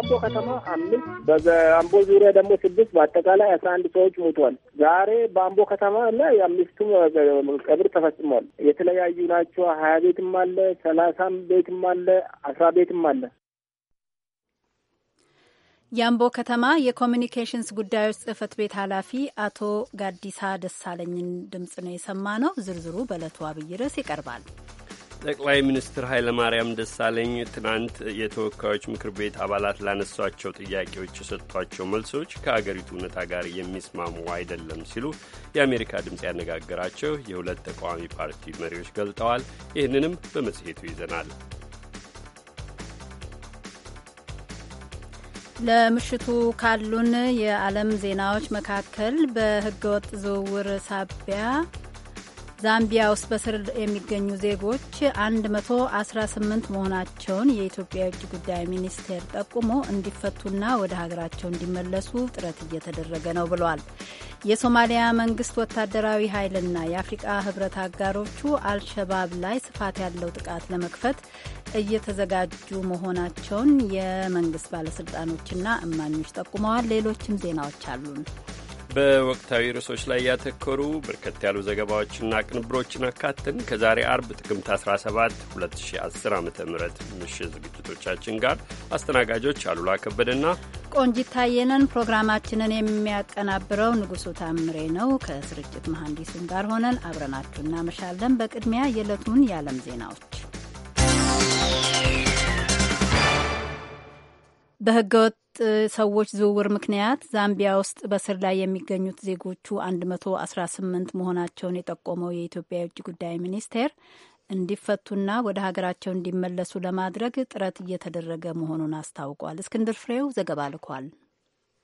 በአምቦ ከተማ አምስት በአምቦ ዙሪያ ደግሞ ስድስት በአጠቃላይ አስራ አንድ ሰዎች ሞቷል። ዛሬ በአምቦ ከተማ እና የአምስቱም ቀብር ተፈጽሟል። የተለያዩ ናቸው። ሀያ ቤትም አለ፣ ሰላሳም ቤትም አለ፣ አስራ ቤትም አለ። የአምቦ ከተማ የኮሚኒኬሽንስ ጉዳዮች ጽህፈት ቤት ኃላፊ አቶ ጋዲሳ ደሳለኝን ድምጽ ነው የሰማ ነው። ዝርዝሩ በዕለቱ አብይ ርዕስ ይቀርባል። ጠቅላይ ሚኒስትር ኃይለማርያም ደሳለኝ ትናንት የተወካዮች ምክር ቤት አባላት ላነሷቸው ጥያቄዎች የሰጧቸው መልሶች ከአገሪቱ እውነታ ጋር የሚስማሙ አይደለም ሲሉ የአሜሪካ ድምፅ ያነጋገራቸው የሁለት ተቃዋሚ ፓርቲ መሪዎች ገልጠዋል። ይህንንም በመጽሔቱ ይዘናል። ለምሽቱ ካሉን የዓለም ዜናዎች መካከል በህገወጥ ዝውውር ሳቢያ ዛምቢያ ውስጥ በስር የሚገኙ ዜጎች 118 መሆናቸውን የኢትዮጵያ የውጭ ጉዳይ ሚኒስቴር ጠቁሞ እንዲፈቱና ወደ ሀገራቸው እንዲመለሱ ጥረት እየተደረገ ነው ብሏል። የሶማሊያ መንግስት ወታደራዊ ኃይልና የአፍሪቃ ህብረት አጋሮቹ አልሸባብ ላይ ስፋት ያለው ጥቃት ለመክፈት እየተዘጋጁ መሆናቸውን የመንግስት ባለስልጣኖችና እማኞች ጠቁመዋል። ሌሎችም ዜናዎች አሉን። በወቅታዊ ርዕሶች ላይ ያተኮሩ በርከት ያሉ ዘገባዎችና ቅንብሮችን አካተን ከዛሬ አርብ ጥቅምት 17 2010 ዓ ም ምሽት ዝግጅቶቻችን ጋር አስተናጋጆች አሉላ ከበደና ቆንጂት ታየነን። ፕሮግራማችንን የሚያቀናብረው ንጉሱ ታምሬ ነው። ከስርጭት መሐንዲሱም ጋር ሆነን አብረናችሁ እናመሻለን። በቅድሚያ የዕለቱን የዓለም ዜናዎች በህገወጥ ሰዎች ዝውውር ምክንያት ዛምቢያ ውስጥ በስር ላይ የሚገኙት ዜጎቹ 118 መሆናቸውን የጠቆመው የኢትዮጵያ የውጭ ጉዳይ ሚኒስቴር እንዲፈቱና ወደ ሀገራቸው እንዲመለሱ ለማድረግ ጥረት እየተደረገ መሆኑን አስታውቋል። እስክንድር ፍሬው ዘገባ ልኳል።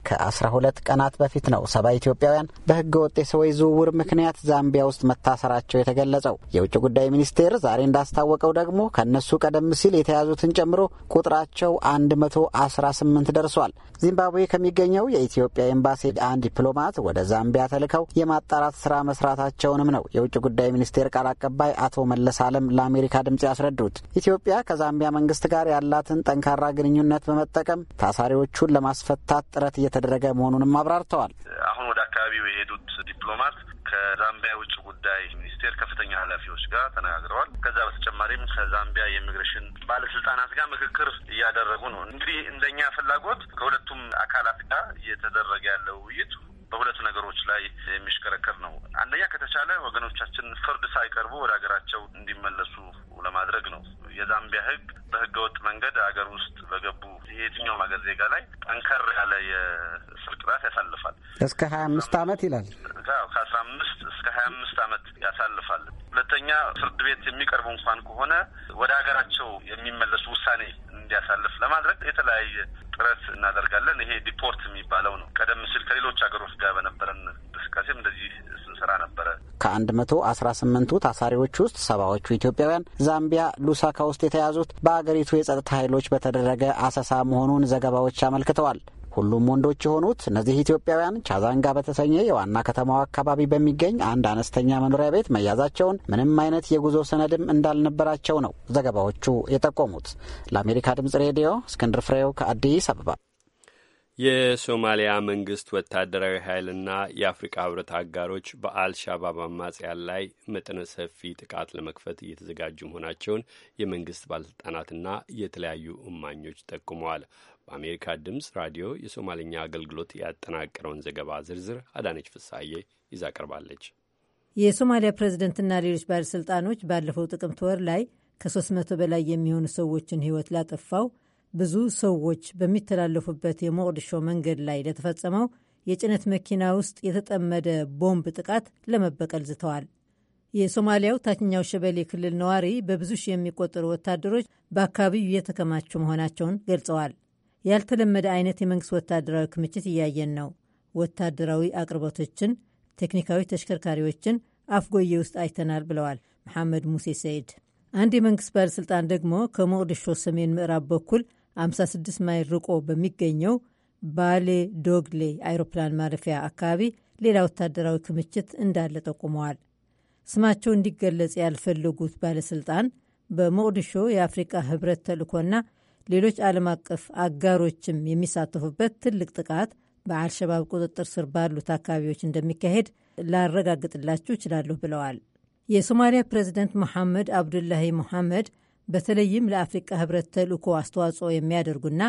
ከ12 ቀናት በፊት ነው ሰባ ኢትዮጵያውያን በህገ ወጥ የሰዎች ዝውውር ምክንያት ዛምቢያ ውስጥ መታሰራቸው የተገለጸው። የውጭ ጉዳይ ሚኒስቴር ዛሬ እንዳስታወቀው ደግሞ ከእነሱ ቀደም ሲል የተያዙትን ጨምሮ ቁጥራቸው 118 ደርሷል። ዚምባብዌ ከሚገኘው የኢትዮጵያ ኤምባሲ አንድ ዲፕሎማት ወደ ዛምቢያ ተልከው የማጣራት ስራ መስራታቸውንም ነው የውጭ ጉዳይ ሚኒስቴር ቃል አቀባይ አቶ መለስ አለም ለአሜሪካ ድምጽ ያስረዱት። ኢትዮጵያ ከዛምቢያ መንግስት ጋር ያላትን ጠንካራ ግንኙነት በመጠቀም ታሳሪዎቹን ለማስፈታት ጥረት እየተ እየተደረገ መሆኑንም አብራርተዋል። አሁን ወደ አካባቢው የሄዱት ዲፕሎማት ከዛምቢያ ውጭ ጉዳይ ሚኒስቴር ከፍተኛ ኃላፊዎች ጋር ተነጋግረዋል። ከዛ በተጨማሪም ከዛምቢያ የኢሚግሬሽን ባለስልጣናት ጋር ምክክር እያደረጉ ነው። እንግዲህ እንደኛ ፍላጎት ከሁለቱም አካላት ጋር እየተደረገ ያለው ውይይት በሁለት ነገሮች ላይ የሚሽከረከር ነው። አንደኛ ከተቻለ ወገኖቻችን ፍርድ ሳይቀርቡ ወደ ሀገራቸው እንዲመለሱ ለማድረግ ነው። የዛምቢያ ህግ በህገ ወጥ መንገድ ሀገር ውስጥ በገቡ የትኛውም ሀገር ዜጋ ላይ ጠንከር ያለ የእስር ቅጣት ያሳልፋል። እስከ ሀያ አምስት አመት ይላል። ከአስራ አምስት እስከ ሀያ አምስት አመት ያሳልፋል። ሁለተኛ ፍርድ ቤት የሚቀርቡ እንኳን ከሆነ ወደ ሀገራቸው የሚመለሱ ውሳኔ እንዲያሳልፍ ለማድረግ የተለያየ ጥረት እናደርጋለን። ይሄ ዲፖርት የሚባለው ነው። ቀደም ሲል ከሌሎች ሀገሮች ጋር በነበረን እንቅስቃሴም እንደዚህ ስንሰራ ነበረ። ከአንድ መቶ አስራ ስምንቱ ታሳሪዎች ውስጥ ሰባዎቹ ኢትዮጵያውያን ዛምቢያ ሉሳካ ውስጥ የተያዙት በአገሪቱ የጸጥታ ኃይሎች በተደረገ አሰሳ መሆኑን ዘገባዎች አመልክተዋል። ሁሉም ወንዶች የሆኑት እነዚህ ኢትዮጵያውያን ቻዛንጋ በተሰኘ የዋና ከተማዋ አካባቢ በሚገኝ አንድ አነስተኛ መኖሪያ ቤት መያዛቸውን ምንም አይነት የጉዞ ሰነድም እንዳልነበራቸው ነው ዘገባዎቹ የጠቆሙት። ለአሜሪካ ድምጽ ሬዲዮ እስክንድር ፍሬው ከአዲስ አበባ። የሶማሊያ መንግስት ወታደራዊ ኃይልና የአፍሪካ ህብረት አጋሮች በአልሻባብ አማጽያን ላይ መጠነ ሰፊ ጥቃት ለመክፈት እየተዘጋጁ መሆናቸውን የመንግስት ባለስልጣናትና የተለያዩ እማኞች ጠቁመዋል። በአሜሪካ ድምፅ ራዲዮ የሶማልኛ አገልግሎት ያጠናቀረውን ዘገባ ዝርዝር አዳነች ፍሳዬ ይዛ ቀርባለች። የሶማሊያ ፕሬዝደንትና ሌሎች ባለሥልጣኖች ባለፈው ጥቅምት ወር ላይ ከ300 በላይ የሚሆኑ ሰዎችን ሕይወት ላጠፋው ብዙ ሰዎች በሚተላለፉበት የሞቅዲሾ መንገድ ላይ ለተፈጸመው የጭነት መኪና ውስጥ የተጠመደ ቦምብ ጥቃት ለመበቀል ዝተዋል። የሶማሊያው ታችኛው ሸበሌ ክልል ነዋሪ በብዙ ሺህ የሚቆጠሩ ወታደሮች በአካባቢው የተከማቹ መሆናቸውን ገልጸዋል። ያልተለመደ አይነት የመንግስት ወታደራዊ ክምችት እያየን ነው። ወታደራዊ አቅርቦቶችን፣ ቴክኒካዊ ተሽከርካሪዎችን አፍጎዬ ውስጥ አይተናል ብለዋል መሐመድ ሙሴ ሰይድ። አንድ የመንግስት ባለሥልጣን ደግሞ ከሞቅዲሾ ሰሜን ምዕራብ በኩል 56 ማይል ርቆ በሚገኘው ባሌ ዶግሌ አይሮፕላን ማረፊያ አካባቢ ሌላ ወታደራዊ ክምችት እንዳለ ጠቁመዋል። ስማቸው እንዲገለጽ ያልፈለጉት ባለሥልጣን በሞቅዲሾ የአፍሪቃ ህብረት ተልእኮና ሌሎች ዓለም አቀፍ አጋሮችም የሚሳተፉበት ትልቅ ጥቃት በአልሸባብ ቁጥጥር ስር ባሉት አካባቢዎች እንደሚካሄድ ላረጋግጥላችሁ እችላለሁ ብለዋል። የሶማሊያ ፕሬዚደንት መሐመድ አብዱላሂ መሐመድ በተለይም ለአፍሪቃ ህብረት ተልእኮ አስተዋጽኦ የሚያደርጉና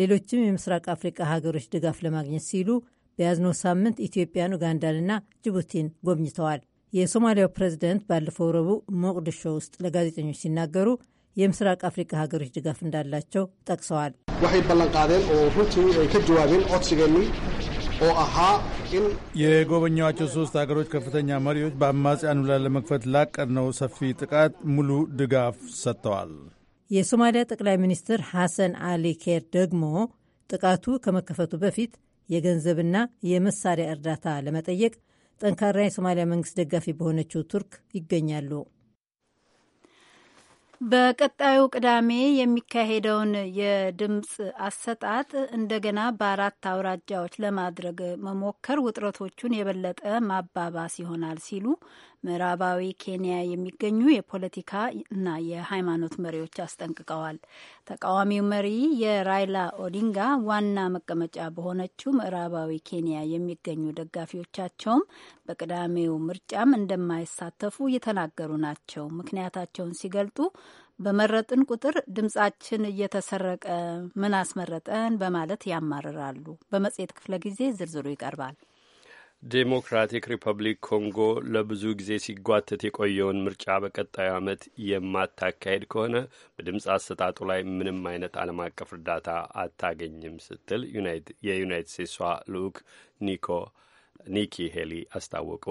ሌሎችም የምስራቅ አፍሪቃ ሀገሮች ድጋፍ ለማግኘት ሲሉ በያዝነው ሳምንት ኢትዮጵያን፣ ኡጋንዳንና ጅቡቲን ጎብኝተዋል። የሶማሊያው ፕሬዚደንት ባለፈው ረቡዕ ሞቅዲሾ ውስጥ ለጋዜጠኞች ሲናገሩ የምስራቅ አፍሪካ ሀገሮች ድጋፍ እንዳላቸው ጠቅሰዋል። ወይ ballan qaadeen ከጅዋቤን ኦትሲገኒ ay የጎበኛዋቸው ሶስት ሀገሮች ከፍተኛ መሪዎች በአማጽያኑ ላይ ለመክፈት ላቀድነው ሰፊ ጥቃት ሙሉ ድጋፍ ሰጥተዋል። የሶማሊያ ጠቅላይ ሚኒስትር ሐሰን አሊ ኬር ደግሞ ጥቃቱ ከመከፈቱ በፊት የገንዘብና የመሳሪያ እርዳታ ለመጠየቅ ጠንካራ የሶማሊያ መንግስት ደጋፊ በሆነችው ቱርክ ይገኛሉ። በቀጣዩ ቅዳሜ የሚካሄደውን የድምፅ አሰጣጥ እንደገና በአራት አውራጃዎች ለማድረግ መሞከር ውጥረቶቹን የበለጠ ማባባስ ይሆናል ሲሉ ምዕራባዊ ኬንያ የሚገኙ የፖለቲካ እና የሃይማኖት መሪዎች አስጠንቅቀዋል። ተቃዋሚው መሪ የራይላ ኦዲንጋ ዋና መቀመጫ በሆነችው ምዕራባዊ ኬንያ የሚገኙ ደጋፊዎቻቸውም በቅዳሜው ምርጫም እንደማይሳተፉ እየተናገሩ ናቸው። ምክንያታቸውን ሲገልጡ በመረጥን ቁጥር ድምጻችን እየተሰረቀ ምን አስመረጠን በማለት ያማርራሉ። በመጽሔት ክፍለ ጊዜ ዝርዝሩ ይቀርባል። ዴሞክራቲክ ሪፐብሊክ ኮንጎ ለብዙ ጊዜ ሲጓተት የቆየውን ምርጫ በቀጣዩ ዓመት የማታካሄድ ከሆነ በድምፅ አሰጣጡ ላይ ምንም አይነት ዓለም አቀፍ እርዳታ አታገኝም ስትል የዩናይትድ ስቴትሷ ልዑክ ኒኮ ኒኪ ሄሊ አስታወቁ።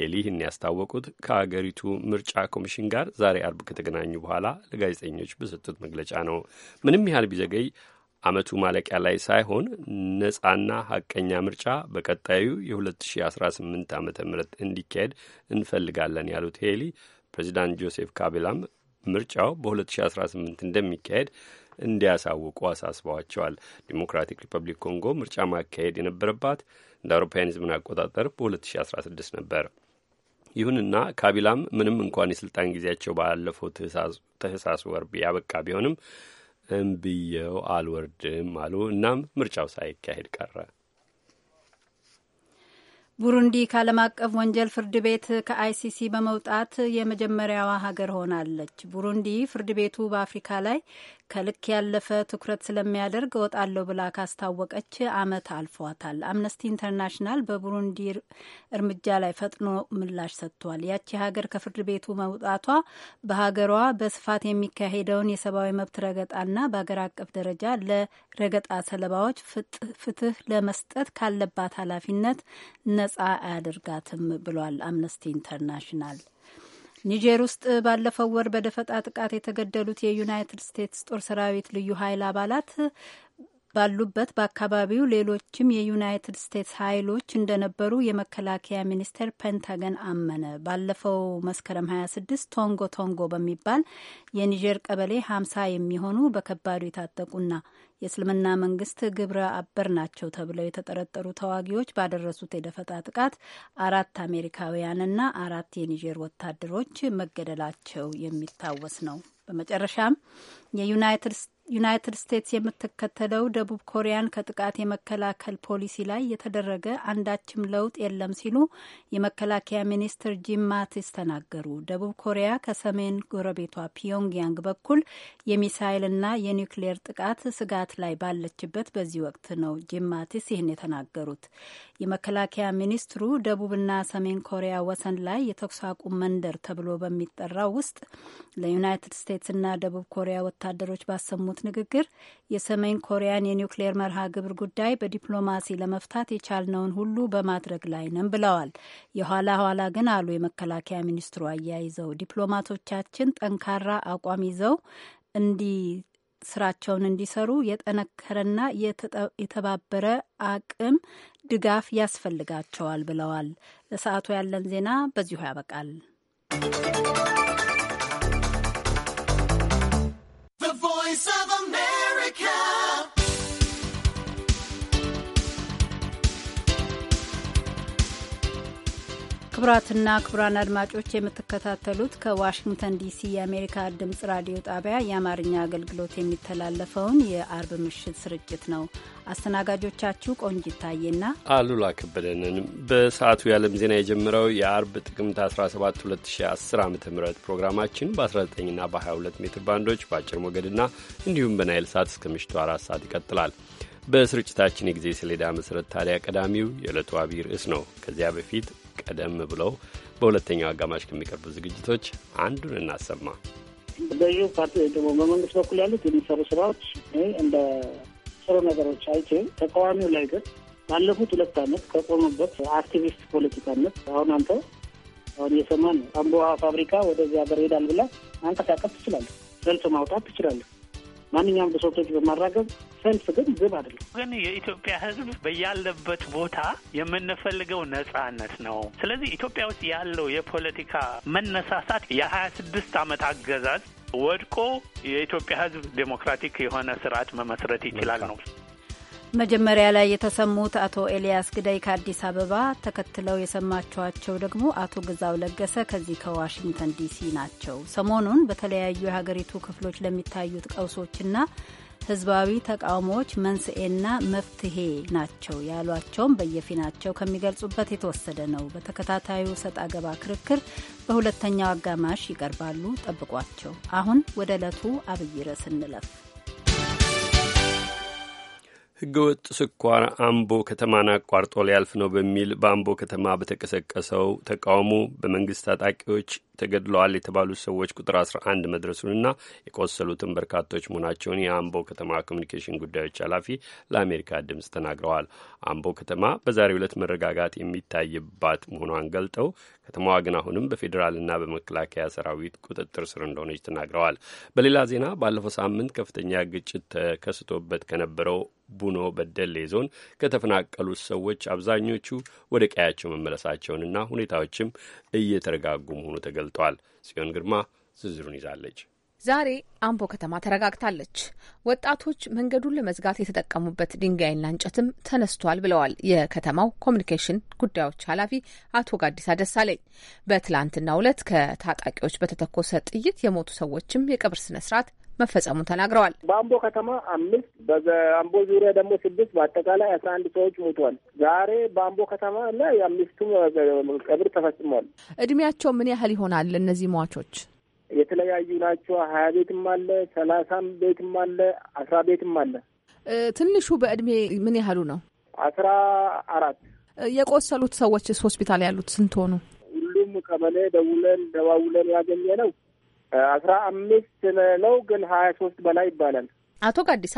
ሄሊ ይህን ያስታወቁት ከአገሪቱ ምርጫ ኮሚሽን ጋር ዛሬ አርብ ከተገናኙ በኋላ ለጋዜጠኞች በሰጡት መግለጫ ነው። ምንም ያህል ቢዘገይ ዓመቱ ማለቂያ ላይ ሳይሆን ነጻና ሀቀኛ ምርጫ በቀጣዩ የ2018 ዓ ም እንዲካሄድ እንፈልጋለን ያሉት ሄሊ ፕሬዚዳንት ጆሴፍ ካቢላም ምርጫው በ2018 እንደሚካሄድ እንዲያሳውቁ አሳስበዋቸዋል። ዲሞክራቲክ ሪፐብሊክ ኮንጎ ምርጫ ማካሄድ የነበረባት እንደ አውሮፓውያን አቆጣጠር በ2016 ነበር። ይሁንና ካቢላም ምንም እንኳን የስልጣን ጊዜያቸው ባለፈው ታህሳስ ወር ያበቃ ቢሆንም እምብየው አልወርድም አሉ። እናም ምርጫው ሳይካሄድ ቀረ። ቡሩንዲ ከዓለም አቀፍ ወንጀል ፍርድ ቤት ከአይሲሲ በመውጣት የመጀመሪያዋ ሀገር ሆናለች። ቡሩንዲ ፍርድ ቤቱ በአፍሪካ ላይ ከልክ ያለፈ ትኩረት ስለሚያደርግ እወጣለሁ ብላ ካስታወቀች ዓመት አልፏታል። አምነስቲ ኢንተርናሽናል በቡሩንዲ እርምጃ ላይ ፈጥኖ ምላሽ ሰጥቷል። ያቺ ሀገር ከፍርድ ቤቱ መውጣቷ በሀገሯ በስፋት የሚካሄደውን የሰብአዊ መብት ረገጣና በሀገር አቀፍ ደረጃ ለረገጣ ሰለባዎች ፍትህ ለመስጠት ካለባት ኃላፊነት ነጻ አያደርጋትም ብሏል አምነስቲ ኢንተርናሽናል። ኒጀር ውስጥ ባለፈው ወር በደፈጣ ጥቃት የተገደሉት የዩናይትድ ስቴትስ ጦር ሰራዊት ልዩ ኃይል አባላት ባሉበት በአካባቢው ሌሎችም የዩናይትድ ስቴትስ ኃይሎች እንደነበሩ የመከላከያ ሚኒስቴር ፔንታገን አመነ። ባለፈው መስከረም 26 ቶንጎ ቶንጎ በሚባል የኒጀር ቀበሌ 50 የሚሆኑ በከባዱ የታጠቁና የእስልምና መንግስት ግብረ አበር ናቸው ተብለው የተጠረጠሩ ተዋጊዎች ባደረሱት የደፈጣ ጥቃት አራት አሜሪካውያንና አራት የኒጀር ወታደሮች መገደላቸው የሚታወስ ነው። በመጨረሻም የዩናይትድ ዩናይትድ ስቴትስ የምትከተለው ደቡብ ኮሪያን ከጥቃት የመከላከል ፖሊሲ ላይ የተደረገ አንዳችም ለውጥ የለም ሲሉ የመከላከያ ሚኒስትር ጂም ማቲስ ተናገሩ። ደቡብ ኮሪያ ከሰሜን ጎረቤቷ ፒዮንግያንግ በኩል የሚሳይልና የኒውክሌር ጥቃት ስጋት ላይ ባለችበት በዚህ ወቅት ነው ጂም ማቲስ ይህን የተናገሩት። የመከላከያ ሚኒስትሩ ደቡብና ሰሜን ኮሪያ ወሰን ላይ የተኩስ አቁም መንደር ተብሎ በሚጠራው ውስጥ ለዩናይትድ ስቴትስና ደቡብ ኮሪያ ወታደሮች ባሰሙት ባሰሙት ንግግር የሰሜን ኮሪያን የኒውክሌር መርሃ ግብር ጉዳይ በዲፕሎማሲ ለመፍታት የቻልነውን ሁሉ በማድረግ ላይ ነን ብለዋል። የኋላ ኋላ ግን አሉ የመከላከያ ሚኒስትሩ አያይዘው ዲፕሎማቶቻችን ጠንካራ አቋም ይዘው እንዲ ስራቸውን እንዲሰሩ የጠነከረና የተባበረ አቅም ድጋፍ ያስፈልጋቸዋል ብለዋል። ለሰዓቱ ያለን ዜና በዚሁ ያበቃል። ክቡራትና ክቡራን አድማጮች የምትከታተሉት ከዋሽንግተን ዲሲ የአሜሪካ ድምጽ ራዲዮ ጣቢያ የአማርኛ አገልግሎት የሚተላለፈውን የአርብ ምሽት ስርጭት ነው። አስተናጋጆቻችሁ ቆንጅ ይታየና አሉላ ከበደንን በሰዓቱ የዓለም ዜና የጀመረው የአርብ ጥቅምት 17 2010 ዓ ም ፕሮግራማችን በ19ና በ22 ሜትር ባንዶች በአጭር ሞገድና እንዲሁም በናይል ሰዓት እስከ ምሽቱ አራት ሰዓት ይቀጥላል። በስርጭታችን የጊዜ ሰሌዳ መሰረት ታዲያ ቀዳሚው የዕለቱ አብይ ርዕስ ነው። ከዚያ በፊት ቀደም ብለው በሁለተኛው አጋማሽ ከሚቀርቡ ዝግጅቶች አንዱን እናሰማ። በዚሁ ፓርቲ ደግሞ በመንግስት በኩል ያሉት የሚሰሩ ስራዎች እንደ ጥሩ ነገሮች አይቼ ተቃዋሚው ላይ ግን ባለፉት ሁለት ዓመት ከቆሙበት አክቲቪስት ፖለቲካነት አሁን አንተ አሁን የሰማን አምቦ ፋብሪካ ወደዚህ ሀገር ይሄዳል ብላ አንቀሳቀስ ትችላለህ፣ ሰልፍ ማውጣት ትችላለህ። ማንኛውም ብሶቶች በማራገብ ሰልፍ ግን ግብ አይደለም። ግን የኢትዮጵያ ሕዝብ በያለበት ቦታ የምንፈልገው ነጻነት ነው። ስለዚህ ኢትዮጵያ ውስጥ ያለው የፖለቲካ መነሳሳት የሀያ ስድስት ዓመት አገዛዝ ወድቆ የኢትዮጵያ ሕዝብ ዴሞክራቲክ የሆነ ስርዓት መመስረት ይችላል ነው መጀመሪያ ላይ የተሰሙት አቶ ኤልያስ ግዳይ ከአዲስ አበባ፣ ተከትለው የሰማችኋቸው ደግሞ አቶ ግዛው ለገሰ ከዚህ ከዋሽንግተን ዲሲ ናቸው። ሰሞኑን በተለያዩ የሀገሪቱ ክፍሎች ለሚታዩት ቀውሶችና ህዝባዊ ተቃውሞዎች መንስኤና መፍትሄ ናቸው ያሏቸውም በየፊናቸው ከሚገልጹበት የተወሰደ ነው። በተከታታዩ ሰጥ አገባ ክርክር በሁለተኛው አጋማሽ ይቀርባሉ። ጠብቋቸው። አሁን ወደ ዕለቱ አብይ ርዕስ እንለፍ። ህገወጥ ስኳር አምቦ ከተማን አቋርጦ ሊያልፍ ነው በሚል በአምቦ ከተማ በተቀሰቀሰው ተቃውሞ በመንግስት ታጣቂዎች ተገድለዋል የተባሉት ሰዎች ቁጥር 11 መድረሱንና የቆሰሉትን በርካቶች መሆናቸውን የአምቦ ከተማ ኮሚኒኬሽን ጉዳዮች ኃላፊ ለአሜሪካ ድምፅ ተናግረዋል። አምቦ ከተማ በዛሬው ዕለት መረጋጋት የሚታይባት መሆኗን ገልጠው ከተማዋ ግን አሁንም በፌዴራልና በመከላከያ ሰራዊት ቁጥጥር ስር እንደሆነች ተናግረዋል። በሌላ ዜና ባለፈው ሳምንት ከፍተኛ ግጭት ተከስቶበት ከነበረው ቡኖ በደሌ ዞን ከተፈናቀሉት ሰዎች አብዛኞቹ ወደ ቀያቸው መመለሳቸውንና ሁኔታዎችም እየተረጋጉ መሆኑ ተገልጧል። ጽዮን ግርማ ዝርዝሩን ይዛለች። ዛሬ አምቦ ከተማ ተረጋግታለች። ወጣቶች መንገዱን ለመዝጋት የተጠቀሙበት ድንጋይና እንጨትም ተነስቷል ብለዋል የከተማው ኮሚኒኬሽን ጉዳዮች ኃላፊ አቶ ጋዲሳ ደሳለኝ። በትላንትናው ዕለት ከታጣቂዎች በተተኮሰ ጥይት የሞቱ ሰዎችም የቀብር ስነ ስርዓት መፈጸሙን ተናግረዋል። በአምቦ ከተማ አምስት በአምቦ ዙሪያ ደግሞ ስድስት በአጠቃላይ አስራ አንድ ሰዎች ሞቷል። ዛሬ በአምቦ ከተማ እና የአምስቱም ቀብር ተፈጽሟል። እድሜያቸው ምን ያህል ይሆናል እነዚህ ሟቾች? የተለያዩ ናቸው። ሀያ ቤትም አለ፣ ሰላሳም ቤትም አለ፣ አስራ ቤትም አለ። ትንሹ በእድሜ ምን ያህሉ ነው? አስራ አራት የቆሰሉት ሰዎች ሆስፒታል ያሉት ስንት ሆኑ? ሁሉም ቀበሌ ደውለን ደዋውለን ያገኘ ነው አስራ አምስት ነው፣ ግን ሀያ ሶስት በላይ ይባላል። አቶ ጋዲሳ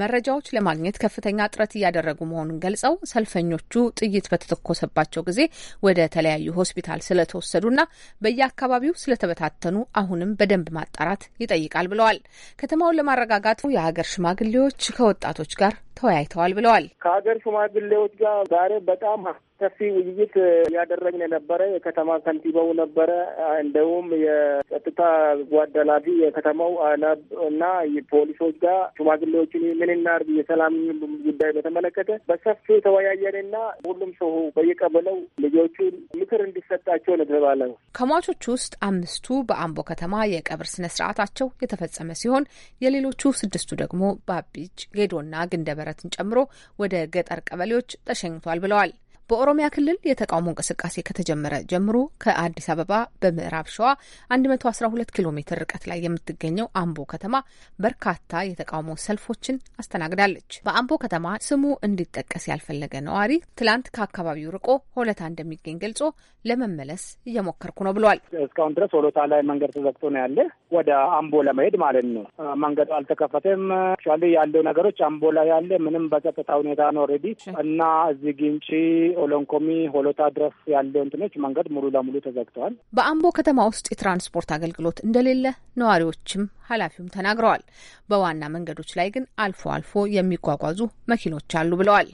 መረጃዎች ለማግኘት ከፍተኛ ጥረት እያደረጉ መሆኑን ገልጸው ሰልፈኞቹ ጥይት በተተኮሰባቸው ጊዜ ወደ ተለያዩ ሆስፒታል ስለተወሰዱና በየአካባቢው ስለተበታተኑ አሁንም በደንብ ማጣራት ይጠይቃል ብለዋል። ከተማውን ለማረጋጋት የሀገር ሽማግሌዎች ከወጣቶች ጋር ተወያይተዋል ብለዋል። ከሀገር ሽማግሌዎች ጋር ዛሬ በጣም ሰፊ ውይይት ያደረግን የነበረ የከተማ ከንቲባው ነበረ፣ እንደውም የጸጥታ ጓደላፊ የከተማው እና ፖሊሶች ጋር ሽማግሌዎችን ምን እናድርግ የሰላም ጉዳይ በተመለከተ በሰፊ ተወያየንና ሁሉም ሰው በየቀበለው ልጆቹ ምክር እንዲሰጣቸው ነው ከሟቾቹ ውስጥ አምስቱ በአምቦ ከተማ የቀብር ስነ ስርዓታቸው የተፈጸመ ሲሆን የሌሎቹ ስድስቱ ደግሞ በአቢጅ ጌዶና ግንደበረ መሰረትን ጨምሮ ወደ ገጠር ቀበሌዎች ተሸኝቷል ብለዋል። በኦሮሚያ ክልል የተቃውሞ እንቅስቃሴ ከተጀመረ ጀምሮ ከአዲስ አበባ በምዕራብ ሸዋ 112 ኪሎ ሜትር ርቀት ላይ የምትገኘው አምቦ ከተማ በርካታ የተቃውሞ ሰልፎችን አስተናግዳለች። በአምቦ ከተማ ስሙ እንዲጠቀስ ያልፈለገ ነዋሪ ትላንት ከአካባቢው ርቆ ሆለታ እንደሚገኝ ገልጾ ለመመለስ እየሞከርኩ ነው ብሏል። እስካሁን ድረስ ሆለታ ላይ መንገድ ተዘግቶ ነው ያለ። ወደ አምቦ ለመሄድ ማለት ነው። መንገዱ አልተከፈተም። ያለው ነገሮች አምቦ ላይ ያለ ምንም በጸጥታ ሁኔታ ነው። ሬዲ እና እዚህ ግንጪ ኦሎንኮሚ ሆሎታ ድረስ ያለው እንትኖች መንገድ ሙሉ ለሙሉ ተዘግተዋል። በአምቦ ከተማ ውስጥ የትራንስፖርት አገልግሎት እንደሌለ ነዋሪዎችም ኃላፊውም ተናግረዋል። በዋና መንገዶች ላይ ግን አልፎ አልፎ የሚጓጓዙ መኪኖች አሉ ብለዋል።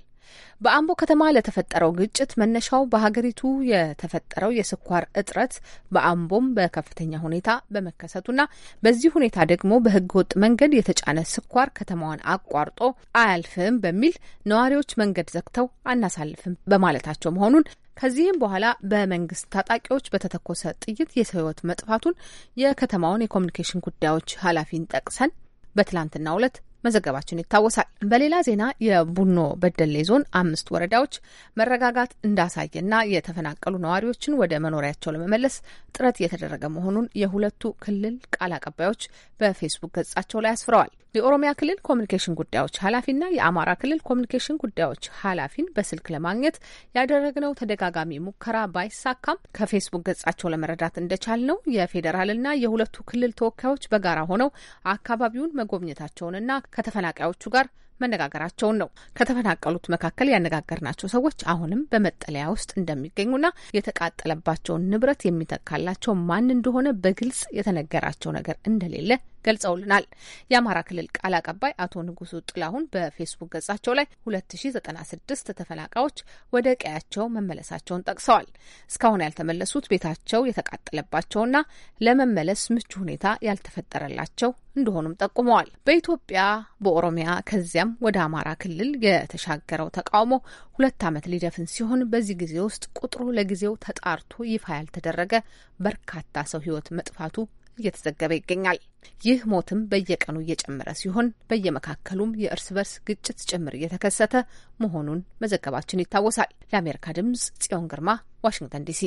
በአምቦ ከተማ ለተፈጠረው ግጭት መነሻው በሀገሪቱ የተፈጠረው የስኳር እጥረት በአምቦም በከፍተኛ ሁኔታ በመከሰቱና በዚህ ሁኔታ ደግሞ በህገ ወጥ መንገድ የተጫነ ስኳር ከተማዋን አቋርጦ አያልፍም በሚል ነዋሪዎች መንገድ ዘግተው አናሳልፍም በማለታቸው መሆኑን ከዚህም በኋላ በመንግስት ታጣቂዎች በተተኮሰ ጥይት የሰው መጥፋቱን የከተማውን የኮሚኒኬሽን ጉዳዮች ኃላፊን ጠቅሰን በትላንትናው ዕለት መዘገባችን ይታወሳል። በሌላ ዜና የቡኖ በደሌ ዞን አምስት ወረዳዎች መረጋጋት እንዳሳየና የተፈናቀሉ ነዋሪዎችን ወደ መኖሪያቸው ለመመለስ ጥረት እየተደረገ መሆኑን የሁለቱ ክልል ቃል አቀባዮች በፌስቡክ ገጻቸው ላይ አስፍረዋል። የኦሮሚያ ክልል ኮሚኒኬሽን ጉዳዮች ኃላፊና የአማራ ክልል ኮሚኒኬሽን ጉዳዮች ኃላፊን በስልክ ለማግኘት ያደረግነው ተደጋጋሚ ሙከራ ባይሳካም ከፌስቡክ ገጻቸው ለመረዳት እንደቻል ነው የፌዴራልና የሁለቱ ክልል ተወካዮች በጋራ ሆነው አካባቢውን መጎብኘታቸውንና ከተፈናቃዮቹ ጋር መነጋገራቸውን ነው። ከተፈናቀሉት መካከል ያነጋገርናቸው ሰዎች አሁንም በመጠለያ ውስጥ እንደሚገኙና የተቃጠለባቸውን ንብረት የሚተካላቸው ማን እንደሆነ በግልጽ የተነገራቸው ነገር እንደሌለ ገልጸውልናል። የአማራ ክልል ቃል አቀባይ አቶ ንጉሱ ጥላሁን በፌስቡክ ገጻቸው ላይ 2096 ተፈናቃዮች ወደ ቀያቸው መመለሳቸውን ጠቅሰዋል። እስካሁን ያልተመለሱት ቤታቸው የተቃጠለባቸውና ለመመለስ ምቹ ሁኔታ ያልተፈጠረላቸው እንደሆኑም ጠቁመዋል። በኢትዮጵያ በኦሮሚያ ከዚያም ወደ አማራ ክልል የተሻገረው ተቃውሞ ሁለት ዓመት ሊደፍን ሲሆን በዚህ ጊዜ ውስጥ ቁጥሩ ለጊዜው ተጣርቶ ይፋ ያልተደረገ በርካታ ሰው ሕይወት መጥፋቱ እየተዘገበ ይገኛል። ይህ ሞትም በየቀኑ እየጨመረ ሲሆን በየመካከሉም የእርስ በርስ ግጭት ጭምር እየተከሰተ መሆኑን መዘገባችን ይታወሳል። ለአሜሪካ ድምጽ ጽዮን ግርማ ዋሽንግተን ዲሲ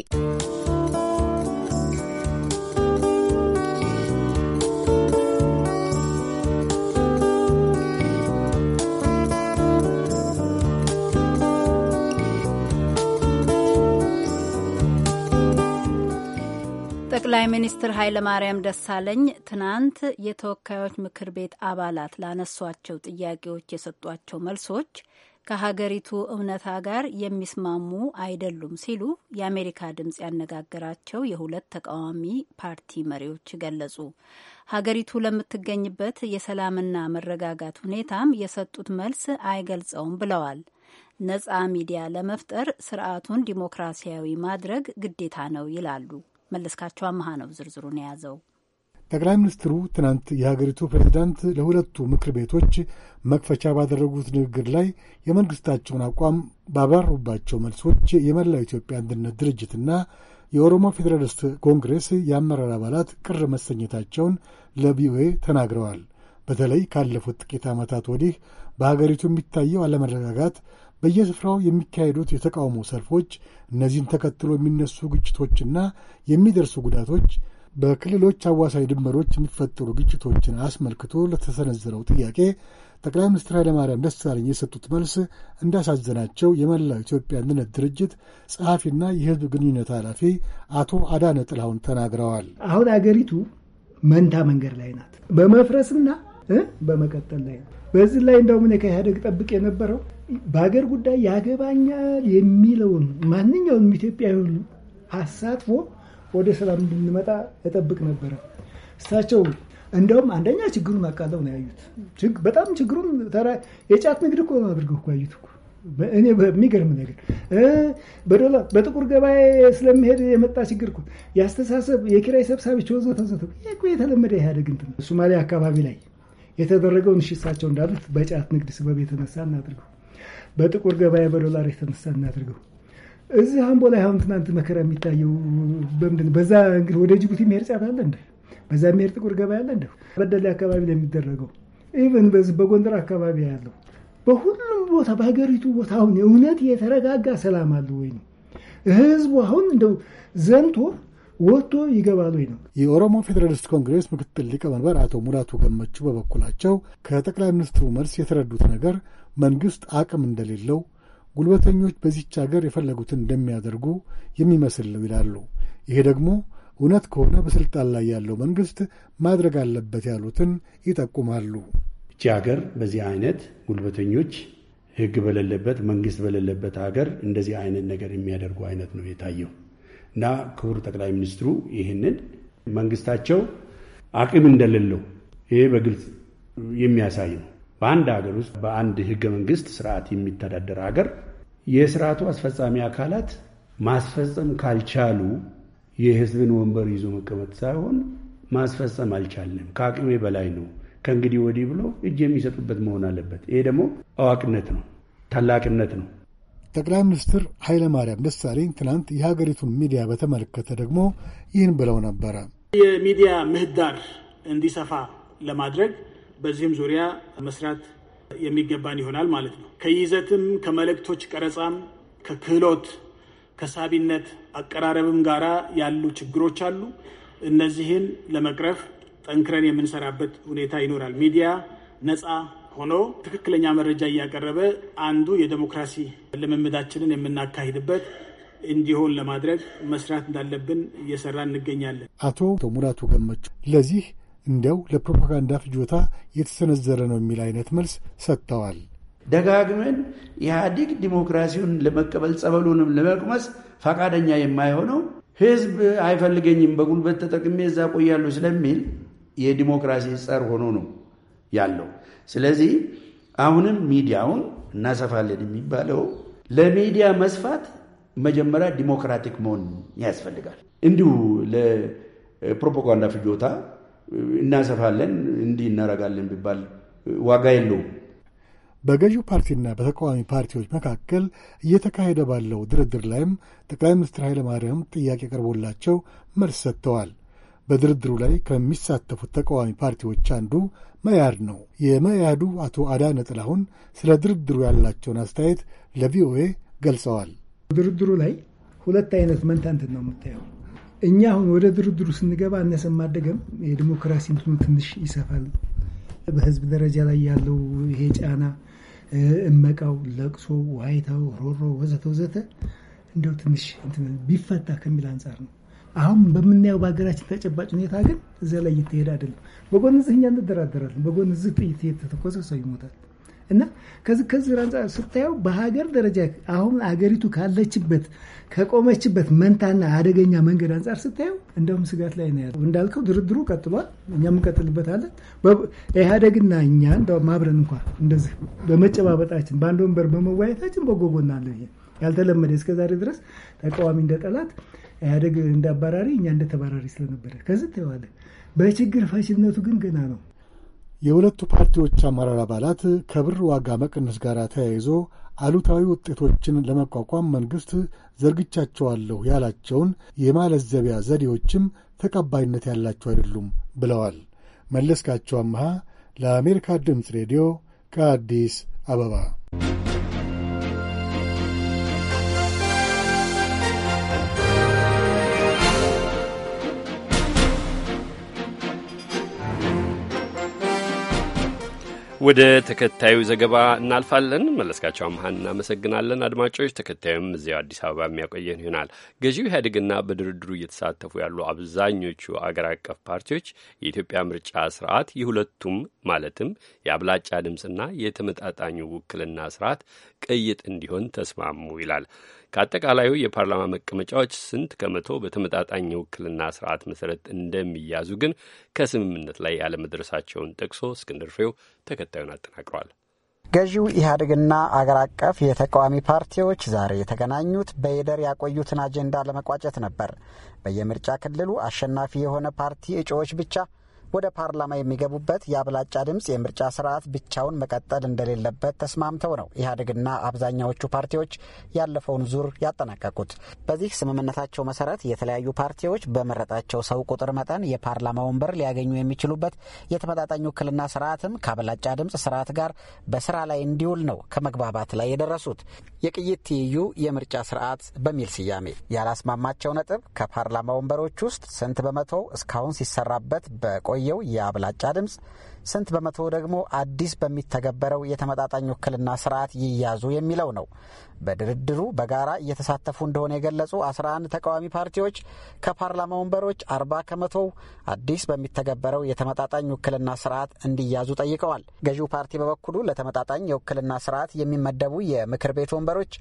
ጠቅላይ ሚኒስትር ኃይለማርያም ደሳለኝ ትናንት የተወካዮች ምክር ቤት አባላት ላነሷቸው ጥያቄዎች የሰጧቸው መልሶች ከሀገሪቱ እውነታ ጋር የሚስማሙ አይደሉም ሲሉ የአሜሪካ ድምፅ ያነጋገራቸው የሁለት ተቃዋሚ ፓርቲ መሪዎች ገለጹ። ሀገሪቱ ለምትገኝበት የሰላምና መረጋጋት ሁኔታም የሰጡት መልስ አይገልጸውም ብለዋል። ነጻ ሚዲያ ለመፍጠር ስርዓቱን ዲሞክራሲያዊ ማድረግ ግዴታ ነው ይላሉ። መለስካቸው አመሃ ነው ዝርዝሩን የያዘው። ጠቅላይ ሚኒስትሩ ትናንት የሀገሪቱ ፕሬዚዳንት ለሁለቱ ምክር ቤቶች መክፈቻ ባደረጉት ንግግር ላይ የመንግስታቸውን አቋም ባብራሩባቸው መልሶች የመላው ኢትዮጵያ አንድነት ድርጅትና የኦሮሞ ፌዴራሊስት ኮንግሬስ የአመራር አባላት ቅር መሰኘታቸውን ለቪኦኤ ተናግረዋል። በተለይ ካለፉት ጥቂት ዓመታት ወዲህ በሀገሪቱ የሚታየው አለመረጋጋት በየስፍራው የሚካሄዱት የተቃውሞ ሰልፎች፣ እነዚህን ተከትሎ የሚነሱ ግጭቶችና የሚደርሱ ጉዳቶች፣ በክልሎች አዋሳኝ ድንበሮች የሚፈጠሩ ግጭቶችን አስመልክቶ ለተሰነዘረው ጥያቄ ጠቅላይ ሚኒስትር ኃይለማርያም ደሳለኝ የሰጡት መልስ እንዳሳዘናቸው የመላው ኢትዮጵያ አንድነት ድርጅት ጸሐፊና የሕዝብ ግንኙነት ኃላፊ አቶ አዳነ ጥላሁን ተናግረዋል። አሁን አገሪቱ መንታ መንገድ ላይ ናት፣ በመፍረስና በመቀጠል ላይ ናት። በዚህ ላይ እንደውም እኔ ከኢህአዴግ ጠብቅ የነበረው በሀገር ጉዳይ ያገባኛል የሚለውን ማንኛውንም ኢትዮጵያዊ ሁሉ አሳትፎ ወደ ሰላም እንድንመጣ እጠብቅ ነበረ። እሳቸው እንደውም አንደኛ ችግሩን አቃለው ነው ያዩት። በጣም ችግሩን የጫት ንግድ እኮ ነው አድርገው እኮ ያዩት እኮ እኔ በሚገርም ነገር በዶላር በጥቁር ገበያ ስለሚሄድ የመጣ ችግር እኮ የአስተሳሰብ የኪራይ ሰብሳቢ ወዘተ ወዘተ እኮ የተለመደ ኢህአዴግ እንትን ሶማሊያ አካባቢ ላይ የተደረገውን እሺ እሳቸው እንዳሉት በጫት ንግድ ስበብ የተነሳ እናድርገው በጥቁር ገበያ በዶላር የተነሳ እናድርገው። እዚህ አምቦ ላይ አሁን ትናንት መከራ የሚታየው በምንድን በዛ እንግዲህ ወደ ጅቡቲ መሄድ ጫት አለ እንደ በዛ መሄድ ጥቁር ገበያ አለ እንደ በደሌ አካባቢ ላይ የሚደረገው ኢቨን በዚህ በጎንደር አካባቢ ያለው በሁሉም ቦታ በሀገሪቱ ቦታ አሁን እውነት የተረጋጋ ሰላም አለ ወይ ነው ህዝቡ አሁን እንደው ዘንቶ ወጥቶ ይገባል ወይ ነው። የኦሮሞ ፌዴራሊስት ኮንግሬስ ምክትል ሊቀመንበር አቶ ሙላቱ ገመቹ በበኩላቸው ከጠቅላይ ሚኒስትሩ መልስ የተረዱት ነገር መንግሥት አቅም እንደሌለው ጉልበተኞች በዚች አገር የፈለጉትን እንደሚያደርጉ የሚመስል ነው ይላሉ። ይሄ ደግሞ እውነት ከሆነ በስልጣን ላይ ያለው መንግስት ማድረግ አለበት ያሉትን ይጠቁማሉ። እቺ ሀገር በዚህ አይነት ጉልበተኞች ህግ በሌለበት መንግስት በሌለበት ሀገር እንደዚህ አይነት ነገር የሚያደርጉ አይነት ነው የታየው እና ክቡር ጠቅላይ ሚኒስትሩ ይህንን መንግስታቸው አቅም እንደሌለው ይሄ በግልጽ የሚያሳይ ነው። በአንድ ሀገር ውስጥ በአንድ ህገ መንግስት ስርዓት የሚተዳደር ሀገር የስርዓቱ አስፈጻሚ አካላት ማስፈጸም ካልቻሉ የህዝብን ወንበር ይዞ መቀመጥ ሳይሆን ማስፈጸም አልቻለም፣ ከአቅሜ በላይ ነው፣ ከእንግዲህ ወዲህ ብሎ እጅ የሚሰጡበት መሆን አለበት። ይሄ ደግሞ አዋቂነት ነው፣ ታላቅነት ነው። ጠቅላይ ሚኒስትር ኃይለማርያም ደሳለኝ ትናንት የሀገሪቱን ሚዲያ በተመለከተ ደግሞ ይህን ብለው ነበረ። የሚዲያ ምህዳር እንዲሰፋ ለማድረግ በዚህም ዙሪያ መስራት የሚገባን ይሆናል ማለት ነው። ከይዘትም ከመልእክቶች ቀረጻም ከክህሎት ከሳቢነት አቀራረብም ጋራ ያሉ ችግሮች አሉ። እነዚህን ለመቅረፍ ጠንክረን የምንሰራበት ሁኔታ ይኖራል። ሚዲያ ነፃ ሆኖ ትክክለኛ መረጃ እያቀረበ አንዱ የዴሞክራሲ ልምምዳችንን የምናካሂድበት እንዲሆን ለማድረግ መስራት እንዳለብን እየሰራ እንገኛለን። አቶ ሙላቱ ገመቹ ለዚህ እንዲያው ለፕሮፓጋንዳ ፍጆታ የተሰነዘረ ነው የሚል አይነት መልስ ሰጥተዋል። ደጋግመን ኢህአዲግ ዲሞክራሲውን ለመቀበል ጸበሉንም ለመቅመስ ፈቃደኛ የማይሆነው ህዝብ አይፈልገኝም፣ በጉልበት ተጠቅሜ እዛ ቆያሉ ስለሚል የዲሞክራሲ ጸር ሆኖ ነው ያለው። ስለዚህ አሁንም ሚዲያውን እናሰፋለን የሚባለው ለሚዲያ መስፋት መጀመሪያ ዲሞክራቲክ መሆን ያስፈልጋል። እንዲሁ ለፕሮፓጋንዳ ፍጆታ እናሰፋለን፣ እንዲህ እናረጋለን ቢባል ዋጋ የለውም። በገዢው ፓርቲና በተቃዋሚ ፓርቲዎች መካከል እየተካሄደ ባለው ድርድር ላይም ጠቅላይ ሚኒስትር ኃይለማርያም ጥያቄ ቀርቦላቸው መልስ ሰጥተዋል። በድርድሩ ላይ ከሚሳተፉት ተቃዋሚ ፓርቲዎች አንዱ መያድ ነው። የመያዱ አቶ አዳነ ጥላሁን ስለ ድርድሩ ያላቸውን አስተያየት ለቪኦኤ ገልጸዋል። ድርድሩ ላይ ሁለት አይነት መንታንትን ነው የምታየው እኛ አሁን ወደ ድርድሩ ስንገባ እነሰን ማደገም የዲሞክራሲ እንትኑ ትንሽ ይሰፋል። በህዝብ ደረጃ ላይ ያለው ይሄ ጫና እመቃው፣ ለቅሶ፣ ዋይታው፣ ሮሮ ወዘተ ወዘተ እንደው ትንሽ ቢፈታ ከሚል አንጻር ነው። አሁን በምናየው በሀገራችን ተጨባጭ ሁኔታ ግን እዚያ ላይ እየተሄደ አይደለም። በጎን እዚህ እኛ እንደራደራለን። በጎን እዚህ ጥይት የተተኮሰ ሰው ይሞታል። እና ከዚህ ከዚህ አንጻር ስታየው በሀገር ደረጃ አሁን አገሪቱ ካለችበት ከቆመችበት መንታና አደገኛ መንገድ አንጻር ስታየው እንደውም ስጋት ላይ ነው ያለው። እንዳልከው ድርድሩ ቀጥሏል፣ እኛም እንቀጥልበታለን። ኢህአዴግና እኛ እንደውም አብረን እንኳን እንደዚህ በመጨባበጣችን በአንድ ወንበር በመወያየታችን በጎ ጎን ያልተለመደ እስከዛሬ ድረስ ተቃዋሚ እንደ ጠላት፣ ኢህአዴግ እንደ አባራሪ፣ እኛ እንደ ተባራሪ ስለነበረ ከዚህ ትዋለ በችግር ፈችነቱ ግን ገና ነው። የሁለቱ ፓርቲዎች አመራር አባላት ከብር ዋጋ መቀነስ ጋር ተያይዞ አሉታዊ ውጤቶችን ለመቋቋም መንግሥት ዘርግቻቸዋለሁ ያላቸውን የማለዘቢያ ዘዴዎችም ተቀባይነት ያላቸው አይደሉም ብለዋል። መለስካቸው አምሃ ለአሜሪካ ድምፅ ሬዲዮ ከአዲስ አበባ ወደ ተከታዩ ዘገባ እናልፋለን። መለስካቸው አምሃን እናመሰግናለን። አድማጮች፣ ተከታዩም እዚያው አዲስ አበባ የሚያቆየን ይሆናል። ገዢው ኢህአዴግና በድርድሩ እየተሳተፉ ያሉ አብዛኞቹ አገር አቀፍ ፓርቲዎች የኢትዮጵያ ምርጫ ስርዓት የሁለቱም ማለትም የአብላጫ ድምፅና የተመጣጣኙ ውክልና ስርዓት ቅይጥ እንዲሆን ተስማሙ ይላል። ከአጠቃላዩ የፓርላማ መቀመጫዎች ስንት ከመቶ በተመጣጣኝ የውክልና ስርዓት መሰረት እንደሚያዙ ግን ከስምምነት ላይ ያለመድረሳቸውን ጠቅሶ እስክንድር ፍሬው ተከታዩን አጠናቅሯል። ገዢው ኢህአዴግና አገር አቀፍ የተቃዋሚ ፓርቲዎች ዛሬ የተገናኙት በይደር ያቆዩትን አጀንዳ ለመቋጨት ነበር። በየምርጫ ክልሉ አሸናፊ የሆነ ፓርቲ እጩዎች ብቻ ወደ ፓርላማ የሚገቡበት የአብላጫ ድምፅ የምርጫ ስርዓት ብቻውን መቀጠል እንደሌለበት ተስማምተው ነው ኢህአዴግና አብዛኛዎቹ ፓርቲዎች ያለፈውን ዙር ያጠናቀቁት። በዚህ ስምምነታቸው መሰረት የተለያዩ ፓርቲዎች በመረጣቸው ሰው ቁጥር መጠን የፓርላማ ወንበር ሊያገኙ የሚችሉበት የተመጣጣኝ ውክልና ስርዓትም ከአብላጫ ድምፅ ስርዓት ጋር በስራ ላይ እንዲውል ነው ከመግባባት ላይ የደረሱት። የቅይት ትይዩ የምርጫ ስርዓት በሚል ስያሜ ያላስማማቸው ነጥብ ከፓርላማ ወንበሮች ውስጥ ስንት በመቶ እስካሁን ሲሰራበት በቆየ በታየው የአብላጫ ድምፅ ስንት በመቶ ደግሞ አዲስ በሚተገበረው የተመጣጣኝ ውክልና ስርዓት ይያዙ የሚለው ነው። በድርድሩ በጋራ እየተሳተፉ እንደሆነ የገለጹ 11 ተቃዋሚ ፓርቲዎች ከፓርላማ ወንበሮች 40 ከመቶው አዲስ በሚተገበረው የተመጣጣኝ ውክልና ስርዓት እንዲያዙ ጠይቀዋል። ገዢው ፓርቲ በበኩሉ ለተመጣጣኝ የውክልና ስርዓት የሚመደቡ የምክር ቤት ወንበሮች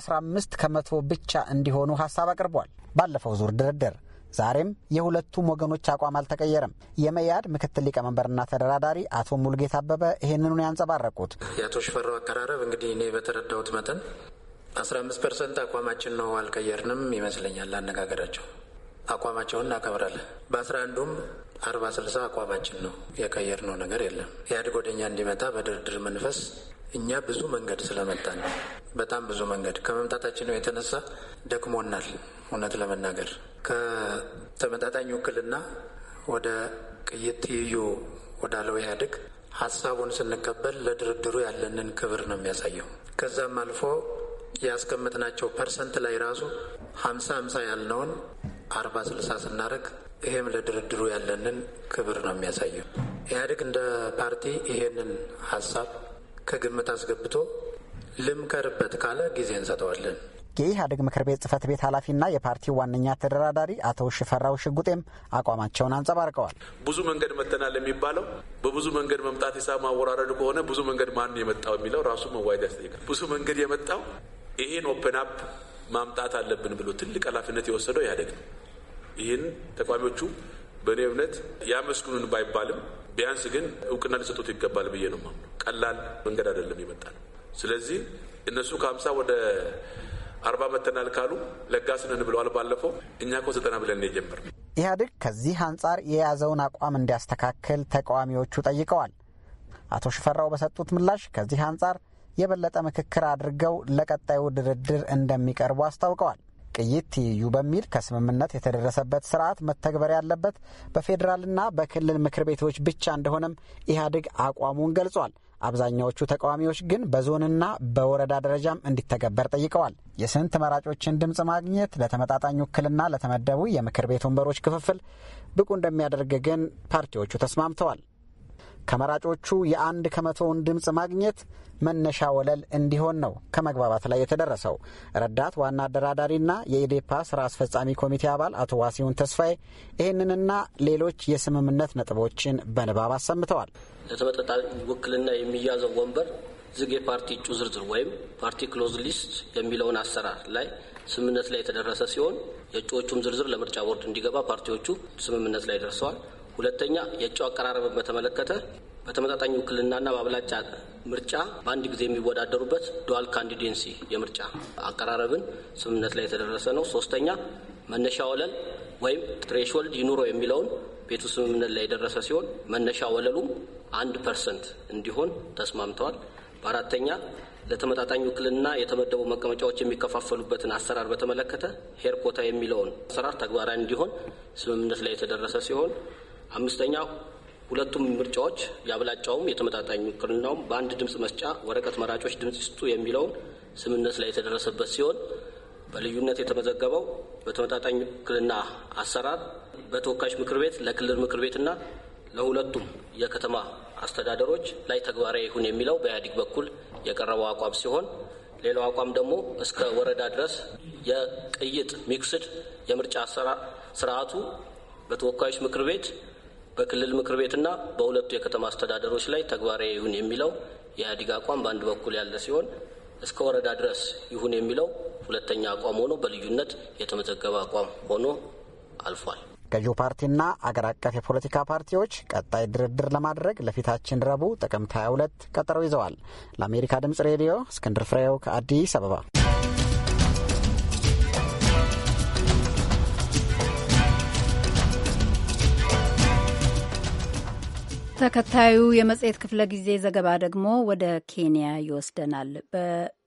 15 ከመቶ ብቻ እንዲሆኑ ሀሳብ አቅርቧል። ባለፈው ዙር ድርድር ዛሬም የሁለቱም ወገኖች አቋም አልተቀየረም። የመያድ ምክትል ሊቀመንበርና ተደራዳሪ አቶ ሙልጌታ አበበ ይህንኑን ያንጸባረቁት የአቶ ሽፈራው አቀራረብ እንግዲህ እኔ በተረዳሁት መጠን አስራ አምስት ፐርሰንት አቋማችን ነው አልቀየርንም ይመስለኛል። አነጋገራቸው አቋማቸውን እናከብራለን። በአስራ አንዱም አርባ ስልሳ አቋማችን ነው የቀየርነው ነገር የለም። ኢህአዴግ ወደኛ እንዲመጣ በድርድር መንፈስ እኛ ብዙ መንገድ ስለመጣን በጣም ብዙ መንገድ ከመምጣታችን ነው የተነሳ ደክሞናል። እውነት ለመናገር ከተመጣጣኝ ውክልና ወደ ቅይት ትይዩ ወዳለው ኢህአዴግ ሀሳቡን ስንቀበል ለድርድሩ ያለንን ክብር ነው የሚያሳየው። ከዛም አልፎ ያስቀመጥናቸው ፐርሰንት ላይ ራሱ ሀምሳ ሀምሳ ያልነውን አርባ ስልሳ ስናደርግ ይሄም ለድርድሩ ያለንን ክብር ነው የሚያሳየው። ኢህአዴግ እንደ ፓርቲ ይሄንን ሀሳብ ከግምት አስገብቶ ልምከርበት ካለ ጊዜ እንሰጠዋለን። የኢህአዴግ ምክር ቤት ጽህፈት ቤት ኃላፊና የፓርቲው ዋነኛ ተደራዳሪ አቶ ሽፈራው ሽጉጤም አቋማቸውን አንጸባርቀዋል። ብዙ መንገድ መተናል የሚባለው በብዙ መንገድ መምጣት ሂሳብ ማወራረዱ ከሆነ ብዙ መንገድ ማን የመጣው የሚለው ራሱ መዋየት ያስጠይቃል። ብዙ መንገድ የመጣው ይህን ኦፕን አፕ ማምጣት አለብን ብሎ ትልቅ ኃላፊነት የወሰደው ኢህአዴግ ነው። ይህን ተቃዋሚዎቹ በእኔ እምነት ያመስግኑን ባይባልም ቢያንስ ግን እውቅና ሊሰጡት ይገባል ብዬ ነው ማምኑ። ቀላል መንገድ አይደለም የመጣ ነው። ስለዚህ እነሱ ከሀምሳ ወደ አርባ መተናል ካሉ ለጋስንን ብለዋል። ባለፈው እኛ ኮ ዘጠና ብለን የጀመር ኢህአዴግ ከዚህ አንጻር የያዘውን አቋም እንዲያስተካክል ተቃዋሚዎቹ ጠይቀዋል። አቶ ሽፈራው በሰጡት ምላሽ ከዚህ አንጻር የበለጠ ምክክር አድርገው ለቀጣዩ ድርድር እንደሚቀርቡ አስታውቀዋል። ቅይት ትይዩ በሚል ከስምምነት የተደረሰበት ስርዓት መተግበር ያለበት በፌዴራልና በክልል ምክር ቤቶች ብቻ እንደሆነም ኢህአዴግ አቋሙን ገልጿል። አብዛኛዎቹ ተቃዋሚዎች ግን በዞንና በወረዳ ደረጃም እንዲተገበር ጠይቀዋል። የስንት መራጮችን ድምፅ ማግኘት ለተመጣጣኝ ውክልና ለተመደቡ የምክር ቤት ወንበሮች ክፍፍል ብቁ እንደሚያደርግ ግን ፓርቲዎቹ ተስማምተዋል። ከመራጮቹ የአንድ ከመቶውን ድምፅ ማግኘት መነሻ ወለል እንዲሆን ነው ከመግባባት ላይ የተደረሰው። ረዳት ዋና አደራዳሪና የኢዴፓ ስራ አስፈጻሚ ኮሚቴ አባል አቶ ዋሲሁን ተስፋዬ ይህንንና ሌሎች የስምምነት ነጥቦችን በንባብ አሰምተዋል። ለተመጣጣኝ ውክልና የሚያዘው ወንበር ዝግ የፓርቲ እጩ ዝርዝር ወይም ፓርቲ ክሎዝ ሊስት የሚለውን አሰራር ላይ ስምምነት ላይ የተደረሰ ሲሆን የእጩዎቹም ዝርዝር ለምርጫ ቦርድ እንዲገባ ፓርቲዎቹ ስምምነት ላይ ደርሰዋል። ሁለተኛ የእጩ አቀራረብን በተመለከተ በተመጣጣኝ ውክልናና በአብላጫ ምርጫ በአንድ ጊዜ የሚወዳደሩበት ዱዋል ካንዲዴንሲ የምርጫ አቀራረብን ስምምነት ላይ የተደረሰ ነው። ሶስተኛ መነሻ ወለል ወይም ትሬሽሆልድ ይኑሮ የሚለውን ቤቱ ስምምነት ላይ የደረሰ ሲሆን መነሻ ወለሉም አንድ ፐርሰንት እንዲሆን ተስማምተዋል። በአራተኛ ለተመጣጣኝ ውክልና የተመደቡ መቀመጫዎች የሚከፋፈሉበትን አሰራር በተመለከተ ሄር ኮታ የሚለውን አሰራር ተግባራዊ እንዲሆን ስምምነት ላይ የተደረሰ ሲሆን አምስተኛው ሁለቱም ምርጫዎች የአብላጫውም የተመጣጣኝ ውክልናውም በአንድ ድምፅ መስጫ ወረቀት መራጮች ድምፅ ይስጡ የሚለውን ስምምነት ላይ የተደረሰበት ሲሆን በልዩነት የተመዘገበው በተመጣጣኝ ውክልና አሰራር በተወካዮች ምክር ቤት ለክልል ምክር ቤትና ለሁለቱም የከተማ አስተዳደሮች ላይ ተግባራዊ ይሁን የሚለው በኢህአዴግ በኩል የቀረበው አቋም ሲሆን ሌላው አቋም ደግሞ እስከ ወረዳ ድረስ የቅይጥ ሚክስድ የምርጫ ስርዓቱ በተወካዮች ምክር ቤት በክልል ምክር ቤትና በሁለቱ የከተማ አስተዳደሮች ላይ ተግባራዊ ይሁን የሚለው የኢህአዴግ አቋም በአንድ በኩል ያለ ሲሆን እስከ ወረዳ ድረስ ይሁን የሚለው ሁለተኛ አቋም ሆኖ በልዩነት የተመዘገበ አቋም ሆኖ አልፏል። ገዢው ፓርቲና አገር አቀፍ የፖለቲካ ፓርቲዎች ቀጣይ ድርድር ለማድረግ ለፊታችን ረቡዕ ጥቅምት 22 ቀጠሮ ይዘዋል። ለአሜሪካ ድምጽ ሬዲዮ እስክንድር ፍሬው ከአዲስ አበባ ተከታዩ የመጽሔት ክፍለ ጊዜ ዘገባ ደግሞ ወደ ኬንያ ይወስደናል።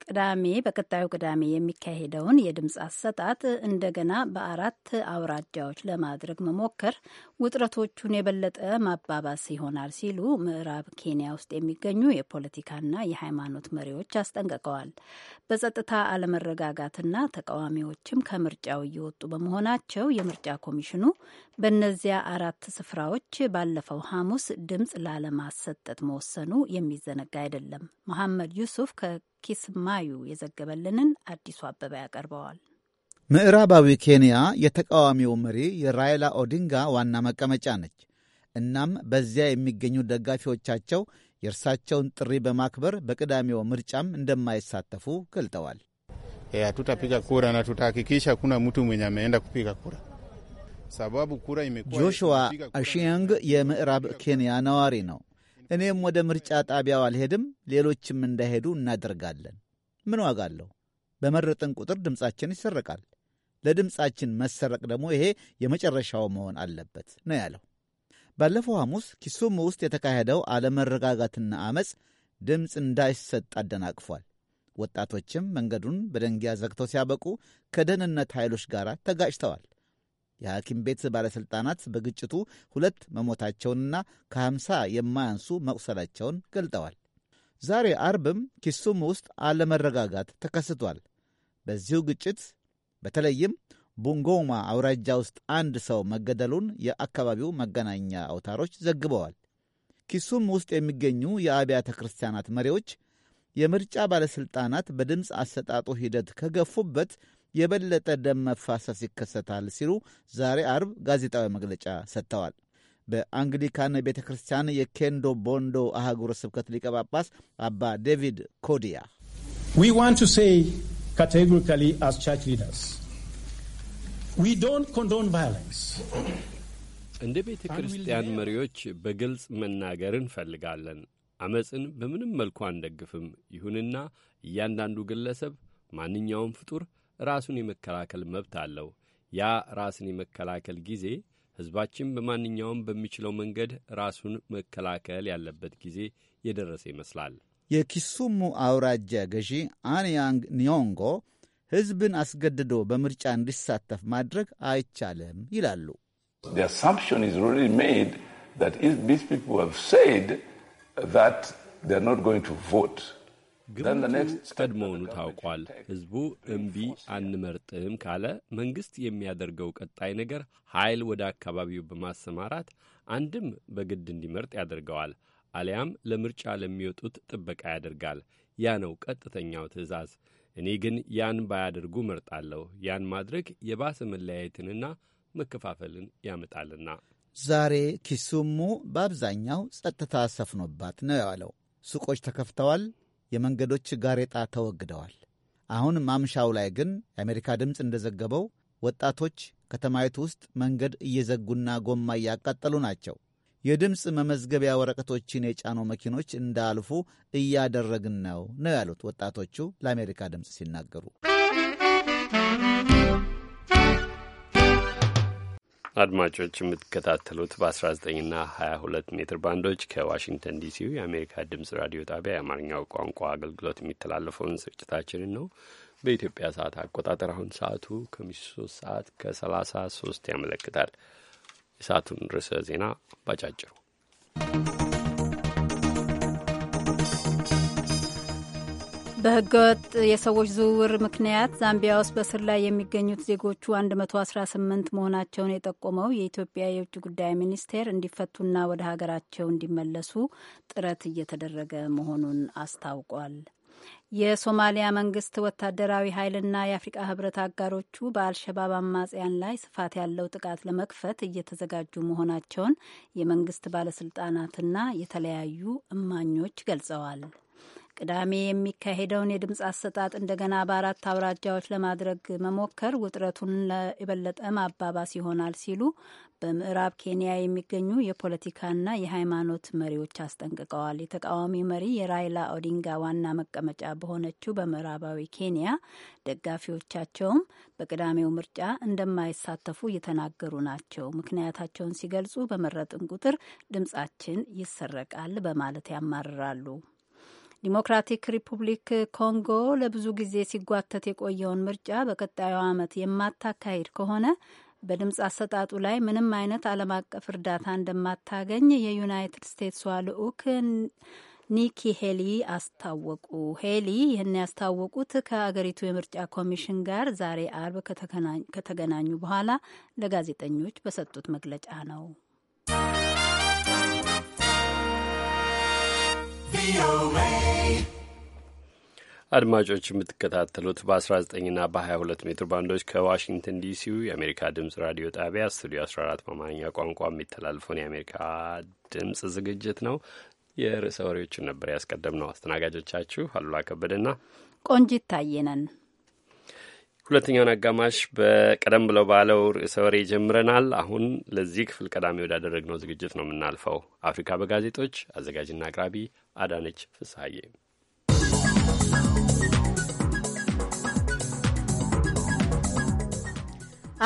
ቅዳሜ በቀጣዩ ቅዳሜ የሚካሄደውን የድምፅ አሰጣጥ እንደገና በአራት አውራጃዎች ለማድረግ መሞከር ውጥረቶቹን የበለጠ ማባባስ ይሆናል ሲሉ ምዕራብ ኬንያ ውስጥ የሚገኙ የፖለቲካና የሃይማኖት መሪዎች አስጠንቅቀዋል። በጸጥታ አለመረጋጋትና ተቃዋሚዎችም ከምርጫው እየወጡ በመሆናቸው የምርጫ ኮሚሽኑ በእነዚያ አራት ስፍራዎች ባለፈው ሐሙስ ድምፅ ላለማሰጠት መወሰኑ የሚዘነጋ አይደለም። መሐመድ ዩሱፍ ማዩ የዘገበልንን አዲሱ አበባ ያቀርበዋል። ምዕራባዊ ኬንያ የተቃዋሚው መሪ የራይላ ኦዲንጋ ዋና መቀመጫ ነች። እናም በዚያ የሚገኙ ደጋፊዎቻቸው የእርሳቸውን ጥሪ በማክበር በቅዳሜው ምርጫም እንደማይሳተፉ ገልጠዋል። ቱታፒጋ ኩራ ና ጆሹዋ አሺያንግ የምዕራብ ኬንያ ነዋሪ ነው። እኔም ወደ ምርጫ ጣቢያው አልሄድም፣ ሌሎችም እንዳይሄዱ እናደርጋለን። ምን ዋጋ አለው? በመረጥን ቁጥር ድምፃችን ይሰረቃል። ለድምፃችን መሰረቅ ደግሞ ይሄ የመጨረሻው መሆን አለበት ነው ያለው። ባለፈው ሐሙስ ኪሱም ውስጥ የተካሄደው አለመረጋጋትና አመፅ ድምፅ እንዳይሰጥ አደናቅፏል። ወጣቶችም መንገዱን በደንጊያ ዘግተው ሲያበቁ ከደህንነት ኃይሎች ጋር ተጋጭተዋል። የሐኪም ቤት ባለሥልጣናት በግጭቱ ሁለት መሞታቸውንና ከ50 የማያንሱ መቁሰላቸውን ገልጠዋል። ዛሬ አርብም ኪሱም ውስጥ አለመረጋጋት ተከስቷል። በዚሁ ግጭት በተለይም ቡንጎማ አውራጃ ውስጥ አንድ ሰው መገደሉን የአካባቢው መገናኛ አውታሮች ዘግበዋል። ኪሱም ውስጥ የሚገኙ የአብያተ ክርስቲያናት መሪዎች የምርጫ ባለሥልጣናት በድምፅ አሰጣጡ ሂደት ከገፉበት የበለጠ ደም መፋሰስ ይከሰታል ሲሉ ዛሬ አርብ ጋዜጣዊ መግለጫ ሰጥተዋል። በአንግሊካን ቤተ ክርስቲያን የኬንዶ ቦንዶ አህጉረ ስብከት ሊቀ ጳጳስ አባ ዴቪድ ኮዲያ እንደ ቤተ ክርስቲያን መሪዎች በግልጽ መናገር እንፈልጋለን። አመፅን በምንም መልኩ አንደግፍም። ይሁንና እያንዳንዱ ግለሰብ፣ ማንኛውም ፍጡር ራሱን የመከላከል መብት አለው። ያ ራስን የመከላከል ጊዜ ሕዝባችን በማንኛውም በሚችለው መንገድ ራሱን መከላከል ያለበት ጊዜ የደረሰ ይመስላል። የኪሱሙ አውራጃ ገዢ አንያንግ ኒዮንጎ ሕዝብን አስገድዶ በምርጫ እንዲሳተፍ ማድረግ አይቻልም ይላሉ። ስ ግምቱ ቀድሞውኑ ታውቋል። ህዝቡ እምቢ አንመርጥም ካለ መንግስት የሚያደርገው ቀጣይ ነገር ኃይል ወደ አካባቢው በማሰማራት አንድም በግድ እንዲመርጥ ያደርገዋል፣ አሊያም ለምርጫ ለሚወጡት ጥበቃ ያደርጋል። ያ ነው ቀጥተኛው ትዕዛዝ። እኔ ግን ያን ባያደርጉ መርጣለሁ። ያን ማድረግ የባሰ መለያየትንና መከፋፈልን ያመጣልና ዛሬ ኪሱሙ በአብዛኛው ጸጥታ ሰፍኖባት ነው የዋለው። ሱቆች ተከፍተዋል። የመንገዶች ጋሬጣ ተወግደዋል። አሁን ማምሻው ላይ ግን የአሜሪካ ድምፅ እንደዘገበው ወጣቶች ከተማይቱ ውስጥ መንገድ እየዘጉና ጎማ እያቃጠሉ ናቸው። የድምፅ መመዝገቢያ ወረቀቶችን የጫኑ መኪኖች እንዳልፉ እያደረግን ነው ነው ያሉት ወጣቶቹ ለአሜሪካ ድምፅ ሲናገሩ አድማጮች የምትከታተሉት በ19ና 22 ሜትር ባንዶች ከዋሽንግተን ዲሲው የአሜሪካ ድምጽ ራዲዮ ጣቢያ የአማርኛው ቋንቋ አገልግሎት የሚተላለፈውን ስርጭታችንን ነው። በኢትዮጵያ ሰዓት አቆጣጠር አሁን ሰዓቱ ከምሽቱ 3 ሰዓት ከ33 ያመለክታል። የሰዓቱን ርዕሰ ዜና ባጫጭሩ በህገወጥ የሰዎች ዝውውር ምክንያት ዛምቢያ ውስጥ በስር ላይ የሚገኙት ዜጎቹ 118 መሆናቸውን የጠቆመው የኢትዮጵያ የውጭ ጉዳይ ሚኒስቴር እንዲፈቱና ወደ ሀገራቸው እንዲመለሱ ጥረት እየተደረገ መሆኑን አስታውቋል። የሶማሊያ መንግስት ወታደራዊ ኃይልና የአፍሪቃ ህብረት አጋሮቹ በአልሸባብ አማጽያን ላይ ስፋት ያለው ጥቃት ለመክፈት እየተዘጋጁ መሆናቸውን የመንግስት ባለስልጣናትና የተለያዩ እማኞች ገልጸዋል። ቅዳሜ የሚካሄደውን የድምፅ አሰጣጥ እንደገና በአራት አውራጃዎች ለማድረግ መሞከር ውጥረቱን የበለጠ ማባባስ ይሆናል ሲሉ በምዕራብ ኬንያ የሚገኙ የፖለቲካና የሃይማኖት መሪዎች አስጠንቅቀዋል። የተቃዋሚ መሪ የራይላ ኦዲንጋ ዋና መቀመጫ በሆነችው በምዕራባዊ ኬንያ ደጋፊዎቻቸውም በቅዳሜው ምርጫ እንደማይሳተፉ እየተናገሩ ናቸው። ምክንያታቸውን ሲገልጹ በመረጥን ቁጥር ድምጻችን ይሰረቃል በማለት ያማርራሉ። ዲሞክራቲክ ሪፑብሊክ ኮንጎ ለብዙ ጊዜ ሲጓተት የቆየውን ምርጫ በቀጣዩ ዓመት የማታካሂድ ከሆነ በድምፅ አሰጣጡ ላይ ምንም አይነት ዓለም አቀፍ እርዳታ እንደማታገኝ የዩናይትድ ስቴትሷ ልዑክ ኒኪ ሄሊ አስታወቁ። ሄሊ ይህን ያስታወቁት ከአገሪቱ የምርጫ ኮሚሽን ጋር ዛሬ አርብ ከተገናኙ በኋላ ለጋዜጠኞች በሰጡት መግለጫ ነው። ቪኦኤ አድማጮች የምትከታተሉት በ19ና በ22 ሜትር ባንዶች ከዋሽንግተን ዲሲው የአሜሪካ ድምጽ ራዲዮ ጣቢያ ስቱዲዮ 14 በአማርኛ ቋንቋ የሚተላልፈውን የአሜሪካ ድምጽ ዝግጅት ነው። የርዕሰ ወሬዎችን ነበር ያስቀደም ነው። አስተናጋጆቻችሁ አሉላ ከበደና ቆንጂት ታየነን። ሁለተኛውን አጋማሽ በቀደም ብለው ባለው ርዕሰ ወሬ ጀምረናል። አሁን ለዚህ ክፍል ቀዳሚ ወዳደረግነው ዝግጅት ነው የምናልፈው። አፍሪካ በጋዜጦች አዘጋጅና አቅራቢ አዳነች ፍስሀዬ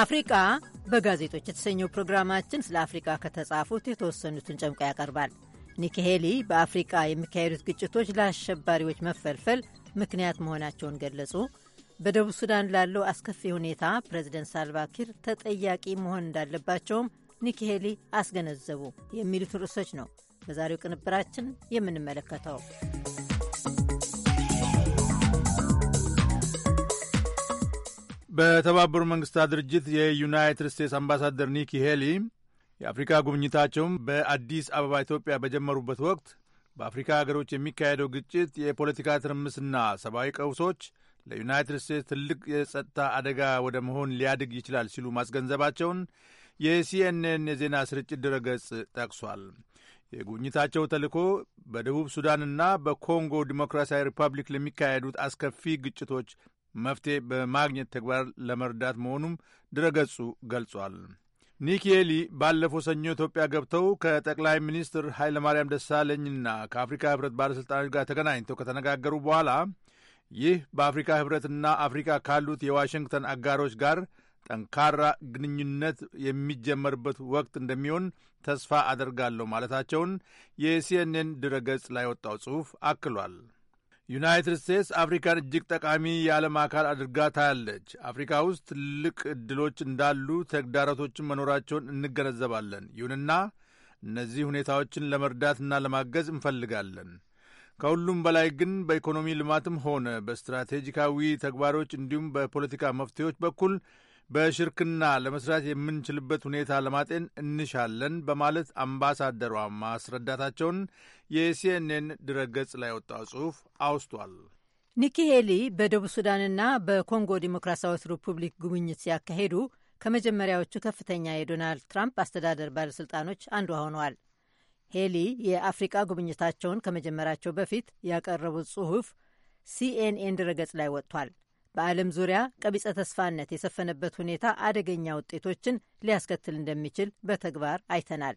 አፍሪቃ በጋዜጦች የተሰኘው ፕሮግራማችን ስለ አፍሪቃ ከተጻፉት የተወሰኑትን ጨምቆ ያቀርባል። ኒኪ ሄሊ በአፍሪቃ የሚካሄዱት ግጭቶች ለአሸባሪዎች መፈልፈል ምክንያት መሆናቸውን ገለጹ። በደቡብ ሱዳን ላለው አስከፊ ሁኔታ ፕሬዚደንት ሳልቫኪር ተጠያቂ መሆን እንዳለባቸውም ኒኪ ሄሊ አስገነዘቡ። የሚሉትን ርዕሶች ነው በዛሬው ቅንብራችን የምንመለከተው። በተባበሩ መንግስታት ድርጅት የዩናይትድ ስቴትስ አምባሳደር ኒኪ ሄሊ የአፍሪካ ጉብኝታቸውም በአዲስ አበባ ኢትዮጵያ በጀመሩበት ወቅት በአፍሪካ ሀገሮች የሚካሄደው ግጭት፣ የፖለቲካ ትርምስና ሰብአዊ ቀውሶች ለዩናይትድ ስቴትስ ትልቅ የጸጥታ አደጋ ወደ መሆን ሊያድግ ይችላል ሲሉ ማስገንዘባቸውን የሲኤንኤን የዜና ስርጭት ድረገጽ ጠቅሷል። የጉብኝታቸው ተልእኮ በደቡብ ሱዳንና በኮንጎ ዲሞክራሲያዊ ሪፐብሊክ ለሚካሄዱት አስከፊ ግጭቶች መፍትሄ በማግኘት ተግባር ለመርዳት መሆኑም ድረገጹ ገልጿል። ኒኬሊ ባለፈው ሰኞ ኢትዮጵያ ገብተው ከጠቅላይ ሚኒስትር ኃይለማርያም ደሳለኝና ከአፍሪካ ህብረት ባለሥልጣኖች ጋር ተገናኝተው ከተነጋገሩ በኋላ ይህ በአፍሪካ ህብረትና አፍሪካ ካሉት የዋሽንግተን አጋሮች ጋር ጠንካራ ግንኙነት የሚጀመርበት ወቅት እንደሚሆን ተስፋ አደርጋለሁ ማለታቸውን የሲኤንኤን ድረገጽ ላይ ወጣው ጽሑፍ አክሏል። ዩናይትድ ስቴትስ አፍሪካን እጅግ ጠቃሚ የዓለም አካል አድርጋ ታያለች። አፍሪካ ውስጥ ትልቅ ዕድሎች እንዳሉ ተግዳሮቶችን መኖራቸውን እንገነዘባለን። ይሁንና እነዚህ ሁኔታዎችን ለመርዳትና ለማገዝ እንፈልጋለን። ከሁሉም በላይ ግን በኢኮኖሚ ልማትም ሆነ በስትራቴጂካዊ ተግባሮች እንዲሁም በፖለቲካ መፍትሄዎች በኩል በሽርክና ለመስራት የምንችልበት ሁኔታ ለማጤን እንሻለን በማለት አምባሳደሯ ማስረዳታቸውን የሲኤንኤን ድረገጽ ላይ ወጣው ጽሑፍ አውስቷል። ኒኪ ሄሊ በደቡብ ሱዳንና በኮንጎ ዲሞክራሲያዊት ሪፑብሊክ ጉብኝት ሲያካሄዱ ከመጀመሪያዎቹ ከፍተኛ የዶናልድ ትራምፕ አስተዳደር ባለሥልጣኖች አንዷ ሆነዋል። ሄሊ የአፍሪቃ ጉብኝታቸውን ከመጀመራቸው በፊት ያቀረቡት ጽሑፍ ሲኤንኤን ድረገጽ ላይ ወጥቷል። በዓለም ዙሪያ ቀቢጸ ተስፋነት የሰፈነበት ሁኔታ አደገኛ ውጤቶችን ሊያስከትል እንደሚችል በተግባር አይተናል።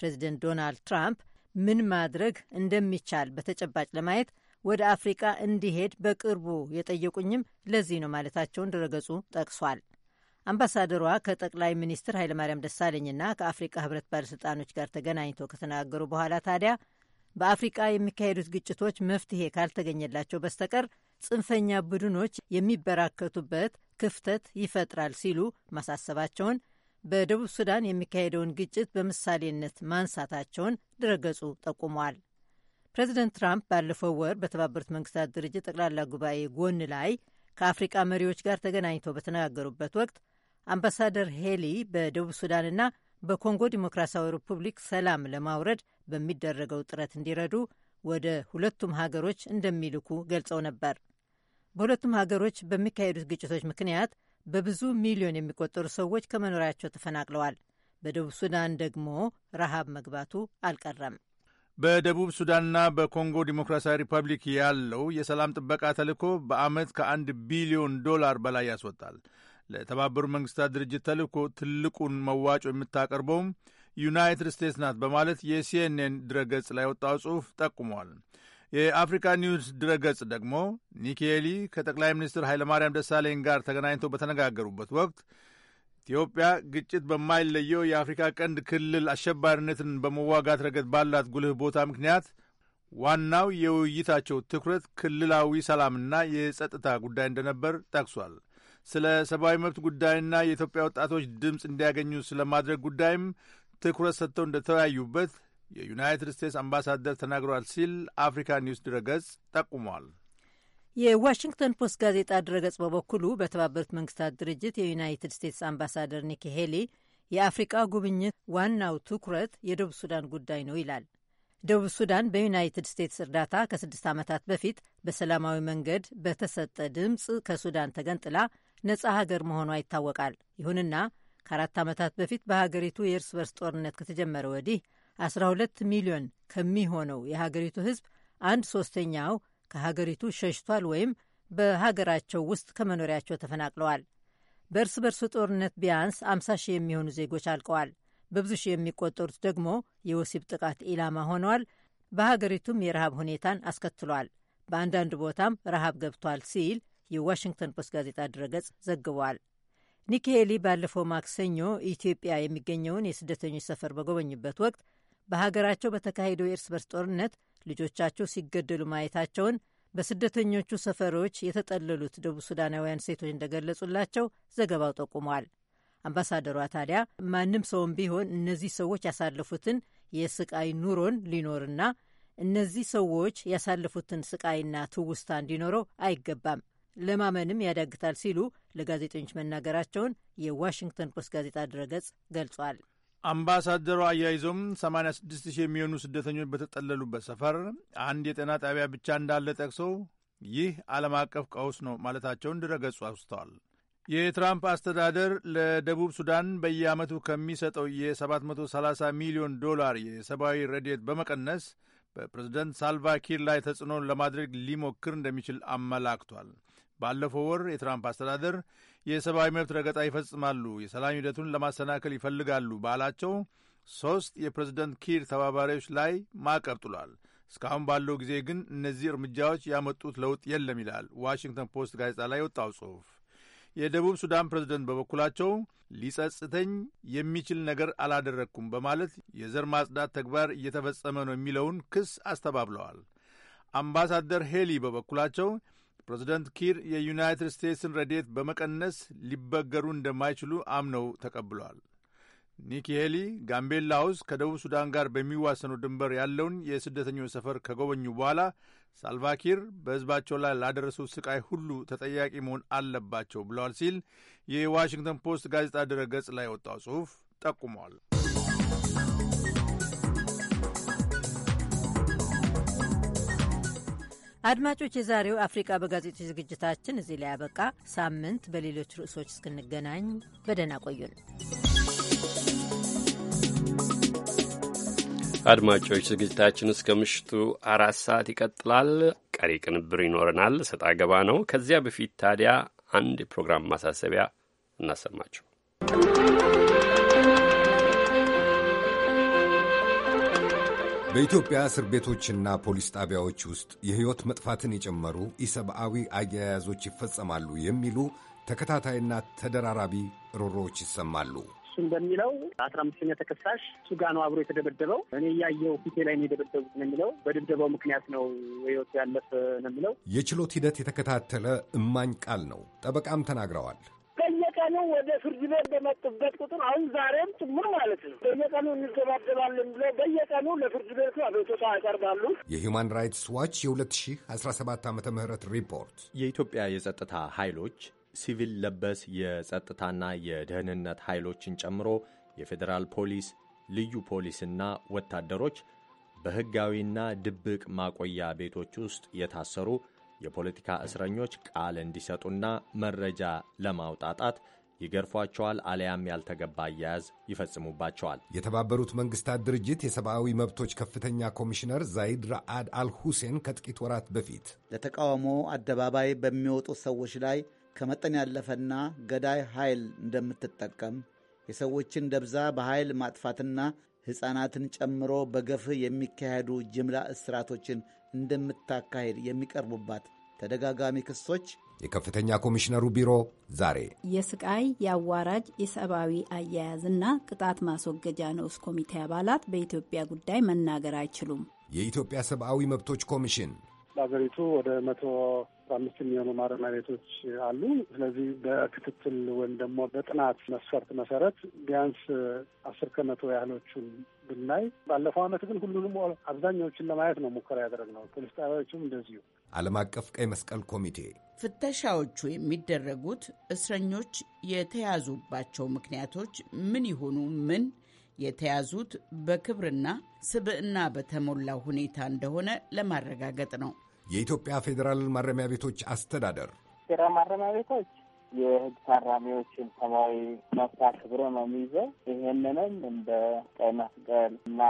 ፕሬዚደንት ዶናልድ ትራምፕ ምን ማድረግ እንደሚቻል በተጨባጭ ለማየት ወደ አፍሪቃ እንዲሄድ በቅርቡ የጠየቁኝም ለዚህ ነው ማለታቸውን ድረገጹ ጠቅሷል። አምባሳደሯ ከጠቅላይ ሚኒስትር ኃይለማርያም ደሳለኝና ከአፍሪቃ ህብረት ባለሥልጣኖች ጋር ተገናኝተው ከተናገሩ በኋላ ታዲያ በአፍሪቃ የሚካሄዱት ግጭቶች መፍትሄ ካልተገኘላቸው በስተቀር ጽንፈኛ ቡድኖች የሚበራከቱበት ክፍተት ይፈጥራል ሲሉ ማሳሰባቸውን በደቡብ ሱዳን የሚካሄደውን ግጭት በምሳሌነት ማንሳታቸውን ድረገጹ ጠቁሟል። ፕሬዚደንት ትራምፕ ባለፈው ወር በተባበሩት መንግስታት ድርጅት ጠቅላላ ጉባኤ ጎን ላይ ከአፍሪቃ መሪዎች ጋር ተገናኝተው በተነጋገሩበት ወቅት አምባሳደር ሄሊ በደቡብ ሱዳንና በኮንጎ ዲሞክራሲያዊ ሪፑብሊክ ሰላም ለማውረድ በሚደረገው ጥረት እንዲረዱ ወደ ሁለቱም ሀገሮች እንደሚልኩ ገልጸው ነበር። በሁለቱም ሀገሮች በሚካሄዱት ግጭቶች ምክንያት በብዙ ሚሊዮን የሚቆጠሩ ሰዎች ከመኖሪያቸው ተፈናቅለዋል። በደቡብ ሱዳን ደግሞ ረሃብ መግባቱ አልቀረም። በደቡብ ሱዳንና በኮንጎ ዲሞክራሲያዊ ሪፐብሊክ ያለው የሰላም ጥበቃ ተልእኮ በዓመት ከአንድ ቢሊዮን ዶላር በላይ ያስወጣል። ለተባበሩት መንግስታት ድርጅት ተልእኮ ትልቁን መዋጮ የምታቀርበውም ዩናይትድ ስቴትስ ናት በማለት የሲኤንኤን ድረገጽ ላይ ወጣው ጽሑፍ ጠቁሟል። የአፍሪካ ኒውስ ድረገጽ ደግሞ ኒኬሊ ከጠቅላይ ሚኒስትር ኃይለማርያም ደሳለኝ ጋር ተገናኝተው በተነጋገሩበት ወቅት ኢትዮጵያ ግጭት በማይለየው የአፍሪካ ቀንድ ክልል አሸባሪነትን በመዋጋት ረገድ ባላት ጉልህ ቦታ ምክንያት ዋናው የውይይታቸው ትኩረት ክልላዊ ሰላምና የጸጥታ ጉዳይ እንደነበር ጠቅሷል። ስለ ሰብአዊ መብት ጉዳይና የኢትዮጵያ ወጣቶች ድምፅ እንዲያገኙ ስለማድረግ ጉዳይም ትኩረት ሰጥተው እንደተወያዩበት የዩናይትድ ስቴትስ አምባሳደር ተናግሯል ሲል አፍሪካ ኒውስ ድረገጽ ጠቁሟል። የዋሽንግተን ፖስት ጋዜጣ ድረገጽ በበኩሉ በተባበሩት መንግስታት ድርጅት የዩናይትድ ስቴትስ አምባሳደር ኒኪ ሄሊ የአፍሪቃ ጉብኝት ዋናው ትኩረት የደቡብ ሱዳን ጉዳይ ነው ይላል። ደቡብ ሱዳን በዩናይትድ ስቴትስ እርዳታ ከስድስት ዓመታት በፊት በሰላማዊ መንገድ በተሰጠ ድምፅ ከሱዳን ተገንጥላ ነጻ ሀገር መሆኗ ይታወቃል። ይሁንና ከአራት ዓመታት በፊት በሀገሪቱ የእርስ በርስ ጦርነት ከተጀመረ ወዲህ 12 ሚሊዮን ከሚሆነው የሀገሪቱ ህዝብ አንድ ሶስተኛው ከሀገሪቱ ሸሽቷል ወይም በሀገራቸው ውስጥ ከመኖሪያቸው ተፈናቅለዋል። በእርስ በርስ ጦርነት ቢያንስ 50 ሺህ የሚሆኑ ዜጎች አልቀዋል። በብዙ ሺህ የሚቆጠሩት ደግሞ የወሲብ ጥቃት ኢላማ ሆነዋል። በሀገሪቱም የረሃብ ሁኔታን አስከትሏል። በአንዳንድ ቦታም ረሃብ ገብቷል ሲል የዋሽንግተን ፖስት ጋዜጣ ድረገጽ ዘግቧል። ኒኪ ሄሊ ባለፈው ማክሰኞ ኢትዮጵያ የሚገኘውን የስደተኞች ሰፈር በጎበኝበት ወቅት በሀገራቸው በተካሄደው የእርስ በርስ ጦርነት ልጆቻቸው ሲገደሉ ማየታቸውን በስደተኞቹ ሰፈሮች የተጠለሉት ደቡብ ሱዳናውያን ሴቶች እንደገለጹላቸው ዘገባው ጠቁሟል። አምባሳደሯ ታዲያ ማንም ሰውም ቢሆን እነዚህ ሰዎች ያሳለፉትን የስቃይ ኑሮን ሊኖርና እነዚህ ሰዎች ያሳለፉትን ስቃይና ትውስታ እንዲኖረው አይገባም፣ ለማመንም ያዳግታል ሲሉ ለጋዜጠኞች መናገራቸውን የዋሽንግተን ፖስት ጋዜጣ ድረገጽ ገልጿል። አምባሳደሩ አያይዞም 86 ሺህ የሚሆኑ ስደተኞች በተጠለሉበት ሰፈር አንድ የጤና ጣቢያ ብቻ እንዳለ ጠቅሰው ይህ ዓለም አቀፍ ቀውስ ነው ማለታቸውን ድረገጹ አውስተዋል። የትራምፕ አስተዳደር ለደቡብ ሱዳን በየዓመቱ ከሚሰጠው የ730 ሚሊዮን ዶላር የሰብአዊ ረድኤት በመቀነስ በፕሬዝደንት ሳልቫኪር ላይ ተጽዕኖ ለማድረግ ሊሞክር እንደሚችል አመላክቷል። ባለፈው ወር የትራምፕ አስተዳደር የሰብአዊ መብት ረገጣ ይፈጽማሉ፣ የሰላም ሂደቱን ለማሰናከል ይፈልጋሉ ባላቸው ሦስት የፕሬዝደንት ኪር ተባባሪዎች ላይ ማዕቀብ ጥሏል። እስካሁን ባለው ጊዜ ግን እነዚህ እርምጃዎች ያመጡት ለውጥ የለም ይላል ዋሽንግተን ፖስት ጋዜጣ ላይ የወጣው ጽሑፍ። የደቡብ ሱዳን ፕሬዝደንት በበኩላቸው ሊጸጽተኝ የሚችል ነገር አላደረግኩም በማለት የዘር ማጽዳት ተግባር እየተፈጸመ ነው የሚለውን ክስ አስተባብለዋል። አምባሳደር ሄሊ በበኩላቸው ፕሬዚደንት ኪር የዩናይትድ ስቴትስን ረዴት በመቀነስ ሊበገሩ እንደማይችሉ አምነው ተቀብለዋል። ኒኪ ሄሊ ጋምቤላ ውስጥ ከደቡብ ሱዳን ጋር በሚዋሰኑ ድንበር ያለውን የስደተኞች ሰፈር ከጎበኙ በኋላ ሳልቫኪር በሕዝባቸው ላይ ላደረሱት ስቃይ ሁሉ ተጠያቂ መሆን አለባቸው ብለዋል ሲል የዋሽንግተን ፖስት ጋዜጣ ድረ ገጽ ላይ የወጣው ጽሑፍ ጠቁመዋል። አድማጮች፣ የዛሬው አፍሪቃ በጋዜጦች ዝግጅታችን እዚህ ላይ ያበቃ። ሳምንት በሌሎች ርዕሶች እስክንገናኝ በደህና ቆዩን። አድማጮች፣ ዝግጅታችን እስከ ምሽቱ አራት ሰዓት ይቀጥላል። ቀሪ ቅንብር ይኖረናል። ሰጣ ገባ ነው። ከዚያ በፊት ታዲያ አንድ የፕሮግራም ማሳሰቢያ እናሰማችሁ። በኢትዮጵያ እስር ቤቶችና ፖሊስ ጣቢያዎች ውስጥ የሕይወት መጥፋትን የጨመሩ ኢሰብአዊ አያያዞች ይፈጸማሉ የሚሉ ተከታታይና ተደራራቢ ሮሮዎች ይሰማሉ። እሱም በሚለው አስራ አምስተኛ ተከሳሽ እሱ ጋ ነው አብሮ የተደበደበው። እኔ እያየው ፊቴ ላይ ነው የደበደቡት ነው የሚለው። በድብደባው ምክንያት ነው ህይወቱ ያለፈ ነው የሚለው። የችሎት ሂደት የተከታተለ እማኝ ቃል ነው። ጠበቃም ተናግረዋል። በየቀኑ ወደ ፍርድ ቤት በመጡበት ቁጥር አሁን ዛሬም ጭምር ማለት ነው በየቀኑ እንገባደባለን ብለው በየቀኑ ለፍርድ ቤቱ አቤቱታ ያቀርባሉ። የሁማን ራይትስ ዋች የ2017 ዓ ም ሪፖርት የኢትዮጵያ የጸጥታ ኃይሎች ሲቪል ለበስ የጸጥታና የደህንነት ኃይሎችን ጨምሮ የፌዴራል ፖሊስ፣ ልዩ ፖሊስና ወታደሮች በሕጋዊና ድብቅ ማቆያ ቤቶች ውስጥ የታሰሩ የፖለቲካ እስረኞች ቃል እንዲሰጡና መረጃ ለማውጣጣት ይገርፏቸዋል አሊያም ያልተገባ አያያዝ ይፈጽሙባቸዋል። የተባበሩት መንግስታት ድርጅት የሰብአዊ መብቶች ከፍተኛ ኮሚሽነር ዛይድ ራአድ አልሁሴን ከጥቂት ወራት በፊት ለተቃውሞ አደባባይ በሚወጡ ሰዎች ላይ ከመጠን ያለፈና ገዳይ ኃይል እንደምትጠቀም የሰዎችን ደብዛ በኃይል ማጥፋትና ሕፃናትን ጨምሮ በገፍ የሚካሄዱ ጅምላ እስራቶችን እንደምታካሄድ የሚቀርቡባት ተደጋጋሚ ክሶች የከፍተኛ ኮሚሽነሩ ቢሮ ዛሬ የስቃይ የአዋራጅ የሰብአዊ አያያዝና ቅጣት ማስወገጃ ንዑስ ኮሚቴ አባላት በኢትዮጵያ ጉዳይ መናገር አይችሉም። የኢትዮጵያ ሰብአዊ መብቶች ኮሚሽን በሀገሪቱ ወደ መቶ አምስት የሚሆኑ ማረሚያ ቤቶች አሉ። ስለዚህ በክትትል ወይም ደግሞ በጥናት መስፈርት መሰረት ቢያንስ አስር ከመቶ ያህሎቹን ብናይ፣ ባለፈው ዓመት ግን ሁሉንም አብዛኛዎችን ለማየት ነው ሙከራ ያደረግነው። ፖሊስ ጣቢያዎችም እንደዚሁ። ዓለም አቀፍ ቀይ መስቀል ኮሚቴ ፍተሻዎቹ የሚደረጉት እስረኞች የተያዙባቸው ምክንያቶች ምን ይሆኑ ምን የተያዙት በክብርና ስብዕና በተሞላው ሁኔታ እንደሆነ ለማረጋገጥ ነው። የኢትዮጵያ ፌዴራል ማረሚያ ቤቶች አስተዳደር ፌዴራል ማረሚያ ቤቶች የህግ ታራሚዎችን ሰብአዊ መብት አክብሮ ነው የሚይዘው። ይሄንንም እንደ ቀይ መስቀል እና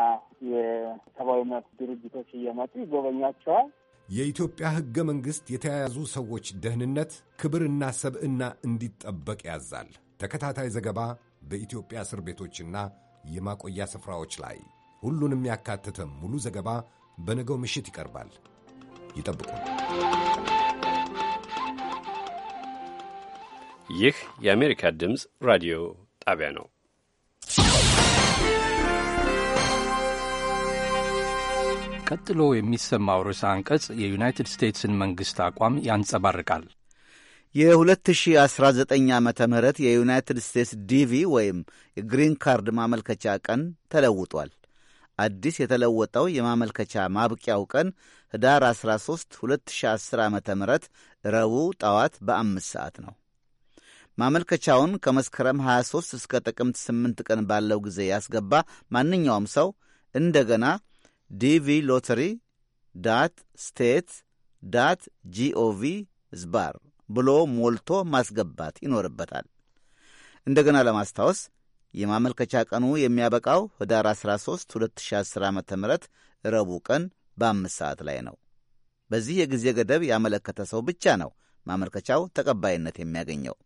የሰብአዊ መብት ድርጅቶች እየመጡ ይጎበኛቸዋል። የኢትዮጵያ ህገ መንግስት የተያያዙ ሰዎች ደህንነት፣ ክብርና ሰብዕና እንዲጠበቅ ያዛል። ተከታታይ ዘገባ በኢትዮጵያ እስር ቤቶችና የማቆያ ስፍራዎች ላይ ሁሉንም ያካተተ ሙሉ ዘገባ በነገው ምሽት ይቀርባል። ይጠብቁ። ይህ የአሜሪካ ድምፅ ራዲዮ ጣቢያ ነው። ቀጥሎ የሚሰማው ርዕሰ አንቀጽ የዩናይትድ ስቴትስን መንግሥት አቋም ያንጸባርቃል። የ2019 ዓ ም የዩናይትድ ስቴትስ ዲቪ ወይም የግሪን ካርድ ማመልከቻ ቀን ተለውጧል። አዲስ የተለወጠው የማመልከቻ ማብቂያው ቀን ህዳር 13 2010 ዓ ም ረቡዕ ጠዋት በአምስት ሰዓት ነው። ማመልከቻውን ከመስከረም 23 እስከ ጥቅምት 8 ቀን ባለው ጊዜ ያስገባ ማንኛውም ሰው እንደገና ዲቪ ሎተሪ ዳት ስቴት ዳት ጂኦቪ ዝባር ብሎ ሞልቶ ማስገባት ይኖርበታል። እንደገና ለማስታወስ የማመልከቻ ቀኑ የሚያበቃው ህዳር 13 2010 ዓ ም ረቡዕ ቀን በአምስት ሰዓት ላይ ነው። በዚህ የጊዜ ገደብ ያመለከተ ሰው ብቻ ነው ማመልከቻው ተቀባይነት የሚያገኘው።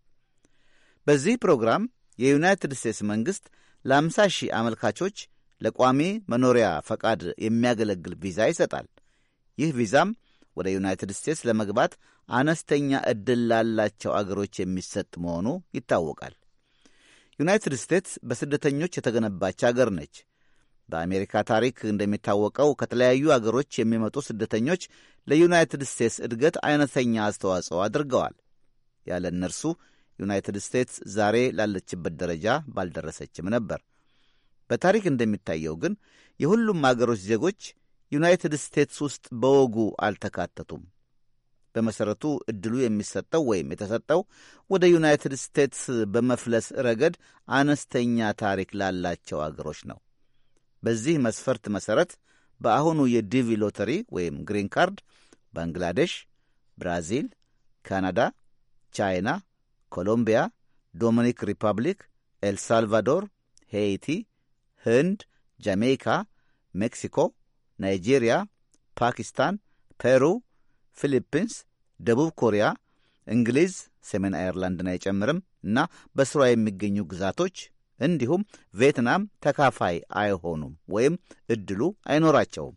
በዚህ ፕሮግራም የዩናይትድ ስቴትስ መንግሥት ለ50 ሺህ አመልካቾች ለቋሚ መኖሪያ ፈቃድ የሚያገለግል ቪዛ ይሰጣል። ይህ ቪዛም ወደ ዩናይትድ ስቴትስ ለመግባት አነስተኛ ዕድል ላላቸው አገሮች የሚሰጥ መሆኑ ይታወቃል። ዩናይትድ ስቴትስ በስደተኞች የተገነባች አገር ነች። በአሜሪካ ታሪክ እንደሚታወቀው ከተለያዩ አገሮች የሚመጡ ስደተኞች ለዩናይትድ ስቴትስ እድገት አይነተኛ አስተዋጽኦ አድርገዋል። ያለ እነርሱ ዩናይትድ ስቴትስ ዛሬ ላለችበት ደረጃ ባልደረሰችም ነበር። በታሪክ እንደሚታየው ግን የሁሉም አገሮች ዜጎች ዩናይትድ ስቴትስ ውስጥ በወጉ አልተካተቱም። በመሠረቱ ዕድሉ የሚሰጠው ወይም የተሰጠው ወደ ዩናይትድ ስቴትስ በመፍለስ ረገድ አነስተኛ ታሪክ ላላቸው አገሮች ነው። በዚህ መስፈርት መሠረት በአሁኑ የዲቪ ሎተሪ ወይም ግሪን ካርድ ባንግላዴሽ፣ ብራዚል፣ ካናዳ፣ ቻይና፣ ኮሎምቢያ፣ ዶሚኒክ ሪፐብሊክ፣ ኤልሳልቫዶር፣ ሄይቲ፣ ህንድ፣ ጃሜይካ፣ ሜክሲኮ፣ ናይጄሪያ፣ ፓኪስታን፣ ፔሩ፣ ፊሊፒንስ፣ ደቡብ ኮሪያ፣ እንግሊዝ፣ ሰሜን አየርላንድን አይጨምርም እና በስሯ የሚገኙ ግዛቶች እንዲሁም ቪየትናም ተካፋይ አይሆኑም ወይም እድሉ አይኖራቸውም።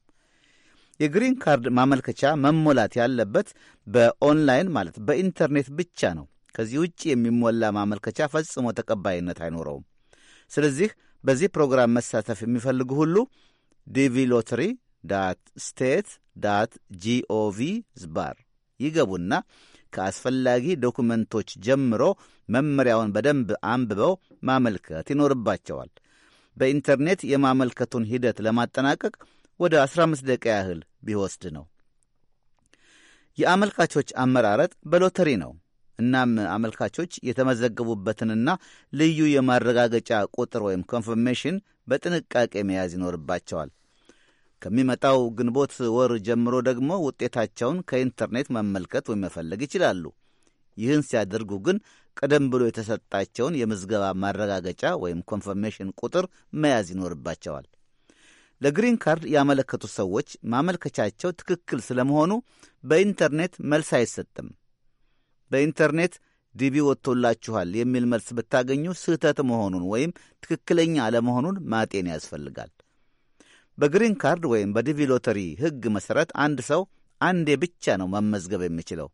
የግሪን ካርድ ማመልከቻ መሞላት ያለበት በኦንላይን ማለት በኢንተርኔት ብቻ ነው። ከዚህ ውጭ የሚሞላ ማመልከቻ ፈጽሞ ተቀባይነት አይኖረውም። ስለዚህ በዚህ ፕሮግራም መሳተፍ የሚፈልጉ ሁሉ ዲቪ ሎተሪ ዳት ስቴት ዳት ጂኦቪ ዝባር ይገቡና ከአስፈላጊ ዶኩመንቶች ጀምሮ መመሪያውን በደንብ አንብበው ማመልከት ይኖርባቸዋል። በኢንተርኔት የማመልከቱን ሂደት ለማጠናቀቅ ወደ 15 ደቂቃ ያህል ቢወስድ ነው። የአመልካቾች አመራረጥ በሎተሪ ነው። እናም አመልካቾች የተመዘገቡበትንና ልዩ የማረጋገጫ ቁጥር ወይም ኮንፈርሜሽን በጥንቃቄ መያዝ ይኖርባቸዋል። ከሚመጣው ግንቦት ወር ጀምሮ ደግሞ ውጤታቸውን ከኢንተርኔት መመልከት ወይም መፈለግ ይችላሉ። ይህን ሲያደርጉ ግን ቀደም ብሎ የተሰጣቸውን የምዝገባ ማረጋገጫ ወይም ኮንፈርሜሽን ቁጥር መያዝ ይኖርባቸዋል። ለግሪን ካርድ ያመለከቱ ሰዎች ማመልከቻቸው ትክክል ስለመሆኑ በኢንተርኔት መልስ አይሰጥም። በኢንተርኔት ዲቢ ወጥቶላችኋል የሚል መልስ ብታገኙ ስህተት መሆኑን ወይም ትክክለኛ አለመሆኑን ማጤን ያስፈልጋል። በግሪን ካርድ ወይም በዲቪ ሎተሪ ሕግ መሠረት አንድ ሰው አንዴ ብቻ ነው መመዝገብ የሚችለው።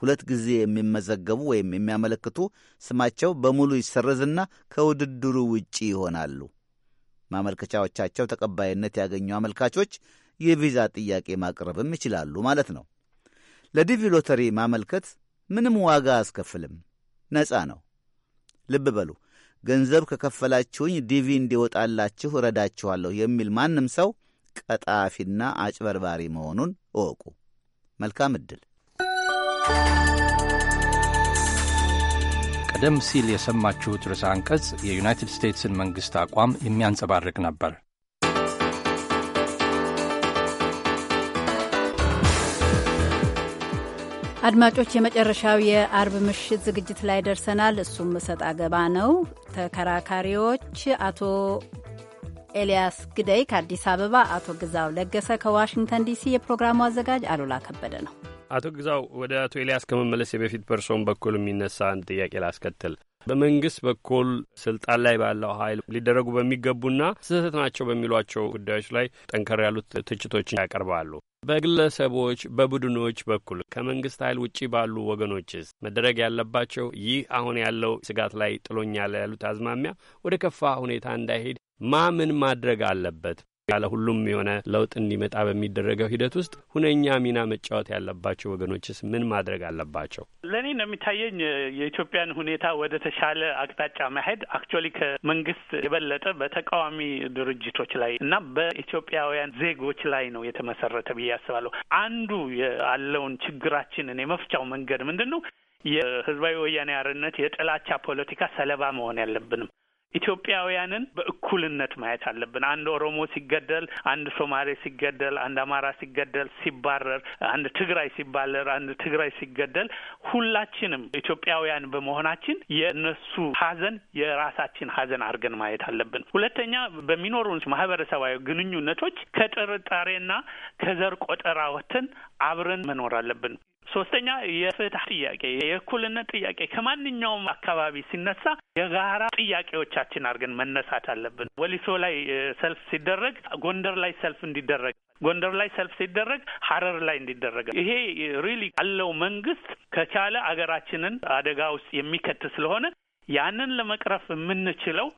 ሁለት ጊዜ የሚመዘገቡ ወይም የሚያመለክቱ ስማቸው በሙሉ ይሰረዝና ከውድድሩ ውጪ ይሆናሉ። ማመልከቻዎቻቸው ተቀባይነት ያገኙ አመልካቾች የቪዛ ጥያቄ ማቅረብም ይችላሉ ማለት ነው። ለዲቪ ሎተሪ ማመልከት ምንም ዋጋ አስከፍልም ነፃ ነው። ልብ በሉ ገንዘብ ከከፈላችሁኝ ዲቪ እንዲወጣላችሁ እረዳችኋለሁ የሚል ማንም ሰው ቀጣፊና አጭበርባሪ መሆኑን እወቁ። መልካም ዕድል። ቀደም ሲል የሰማችሁት ርዕሰ አንቀጽ የዩናይትድ ስቴትስን መንግሥት አቋም የሚያንጸባርቅ ነበር። አድማጮች የመጨረሻው የአርብ ምሽት ዝግጅት ላይ ደርሰናል። እሱም እሰጥ አገባ ነው። ተከራካሪዎች አቶ ኤልያስ ግደይ ከአዲስ አበባ፣ አቶ ግዛው ለገሰ ከዋሽንግተን ዲሲ፣ የፕሮግራሙ አዘጋጅ አሉላ ከበደ ነው። አቶ ግዛው ወደ አቶ ኤልያስ ከመመለስ በፊት በእርስዎም በኩል የሚነሳ አንድ ጥያቄ ላስከትል። በመንግስት በኩል ስልጣን ላይ ባለው ኃይል ሊደረጉ በሚገቡና ስህተት ናቸው በሚሏቸው ጉዳዮች ላይ ጠንከር ያሉት ትችቶችን ያቀርባሉ። በግለሰቦች በቡድኖች በኩል ከመንግስት ኃይል ውጪ ባሉ ወገኖችስ መደረግ ያለባቸው ይህ አሁን ያለው ስጋት ላይ ጥሎኛል ያሉት አዝማሚያ ወደ ከፋ ሁኔታ እንዳይሄድ ማ ምን ማድረግ አለበት? ያለ ሁሉም የሆነ ለውጥ እንዲመጣ በሚደረገው ሂደት ውስጥ ሁነኛ ሚና መጫወት ያለባቸው ወገኖችስ ምን ማድረግ አለባቸው? ለእኔ እንደሚታየኝ የኢትዮጵያን ሁኔታ ወደ ተሻለ አቅጣጫ መሄድ አክቹዋሊ ከመንግስት የበለጠ በተቃዋሚ ድርጅቶች ላይ እና በኢትዮጵያውያን ዜጎች ላይ ነው የተመሰረተ ብዬ አስባለሁ። አንዱ ያለውን ችግራችንን የመፍቻው መንገድ ምንድን ነው? የህዝባዊ ወያኔ አርነት የጥላቻ ፖለቲካ ሰለባ መሆን ያለብንም ኢትዮጵያውያንን በእኩልነት ማየት አለብን። አንድ ኦሮሞ ሲገደል፣ አንድ ሶማሌ ሲገደል፣ አንድ አማራ ሲገደል፣ ሲባረር፣ አንድ ትግራይ ሲባረር፣ አንድ ትግራይ ሲገደል፣ ሁላችንም ኢትዮጵያውያን በመሆናችን የእነሱ ሀዘን የራሳችን ሀዘን አድርገን ማየት አለብን። ሁለተኛ በሚኖሩ ማህበረሰባዊ ግንኙነቶች ከጥርጣሬና ከዘር ቆጠራ ወጥተን አብረን መኖር አለብን። ሶስተኛ የፍትህ ጥያቄ የእኩልነት ጥያቄ ከማንኛውም አካባቢ ሲነሳ የጋራ ጥያቄዎቻችን አድርገን መነሳት አለብን። ወሊሶ ላይ ሰልፍ ሲደረግ ጎንደር ላይ ሰልፍ እንዲደረግ፣ ጎንደር ላይ ሰልፍ ሲደረግ ሀረር ላይ እንዲደረግ፣ ይሄ ሪሊ ያለው መንግስት ከቻለ አገራችንን አደጋ ውስጥ የሚከት ስለሆነ ያንን ለመቅረፍ የምንችለው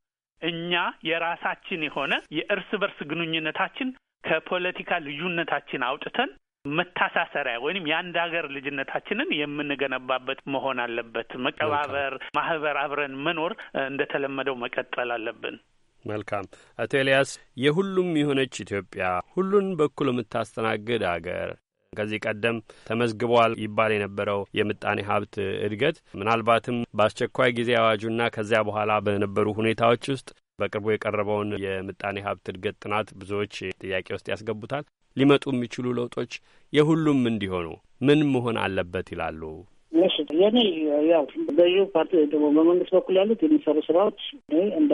እኛ የራሳችን የሆነ የእርስ በርስ ግንኙነታችን ከፖለቲካ ልዩነታችን አውጥተን መታሳሰሪያ ወይም የአንድ ሀገር ልጅነታችንን የምንገነባበት መሆን አለበት። መቀባበር፣ ማህበር፣ አብረን መኖር እንደተለመደው መቀጠል አለብን። መልካም አቶ ኤልያስ፣ የሁሉም የሆነች ኢትዮጵያ ሁሉን በኩል የምታስተናግድ አገር ከዚህ ቀደም ተመዝግቧል ይባል የነበረው የምጣኔ ሀብት እድገት ምናልባትም በአስቸኳይ ጊዜ አዋጁና ከዚያ በኋላ በነበሩ ሁኔታዎች ውስጥ በቅርቡ የቀረበውን የምጣኔ ሀብት እድገት ጥናት ብዙዎች ጥያቄ ውስጥ ያስገቡታል። ሊመጡ የሚችሉ ለውጦች የሁሉም እንዲሆኑ ምን መሆን አለበት ይላሉ? የኔ ያው በዩ ፓርቲ ደግሞ በመንግስት በኩል ያሉት የሚሰሩ ስራዎች እንደ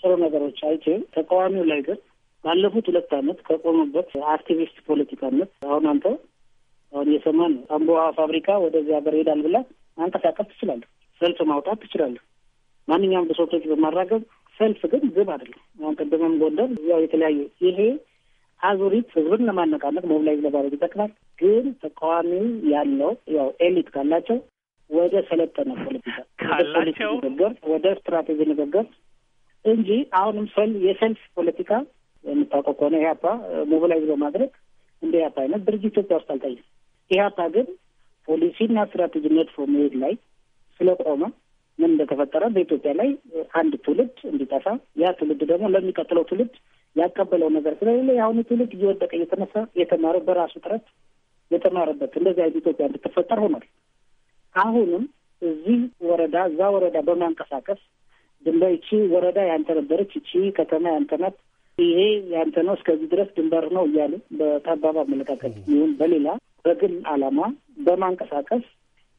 ጥሩ ነገሮች አይቼ ተቃዋሚው ላይ ግን ባለፉት ሁለት አመት ከቆሙበት አክቲቪስት ፖለቲካነት አሁን አንተ አሁን የሰማን አምቦ ፋብሪካ ወደዚህ ሀገር ይሄዳል ብላ አንቀሳቀስ ትችላለህ። ሰልፍ ማውጣት ትችላለህ። ማንኛውም ብሶቶች በማራገብ ሰልፍ ግን ግብ አይደለም። አሁን ቅድምም ጎንደር ያው የተለያዩ ይሄ አዙሪት ህዝብን ለማነቃነቅ ሞብላይዝ ለማድረግ ይጠቅማል። ግን ተቃዋሚ ያለው ያው ኤሊት ካላቸው ወደ ሰለጠነ ፖለቲካ ካላቸው ንግግር ወደ ስትራቴጂ ንግግር እንጂ አሁንም ሰል የሰልፍ ፖለቲካ የምታውቀው ከሆነ ኢህአፓ ሞቢላይዝ በማድረግ እንደ ኢህአፓ አይነት ድርጅት ኢትዮጵያ ውስጥ አልታየም። ኢህአፓ ግን ፖሊሲና ስትራቴጂ ነድፎ መሄድ ላይ ስለቆመ ምን እንደተፈጠረ በኢትዮጵያ ላይ አንድ ትውልድ እንዲጠፋ ያ ትውልድ ደግሞ ለሚቀጥለው ትውልድ ያቀበለው ነገር ስለሌለ የአሁኑ ትውልድ እየወደቀ እየተነሳ የተማረው በራሱ ጥረት የተማረበት እንደዚህ አይነት ኢትዮጵያ እንድትፈጠር ሆኗል። አሁንም እዚህ ወረዳ እዛ ወረዳ በማንቀሳቀስ ድንበር ይቺ ወረዳ ያንተ ነበረች፣ ይቺ ከተማ ያንተ ናት፣ ይሄ ያንተ ነው፣ እስከዚህ ድረስ ድንበር ነው እያሉ በጠባብ አመለካከት ይሁን በሌላ በግል ዓላማ በማንቀሳቀስ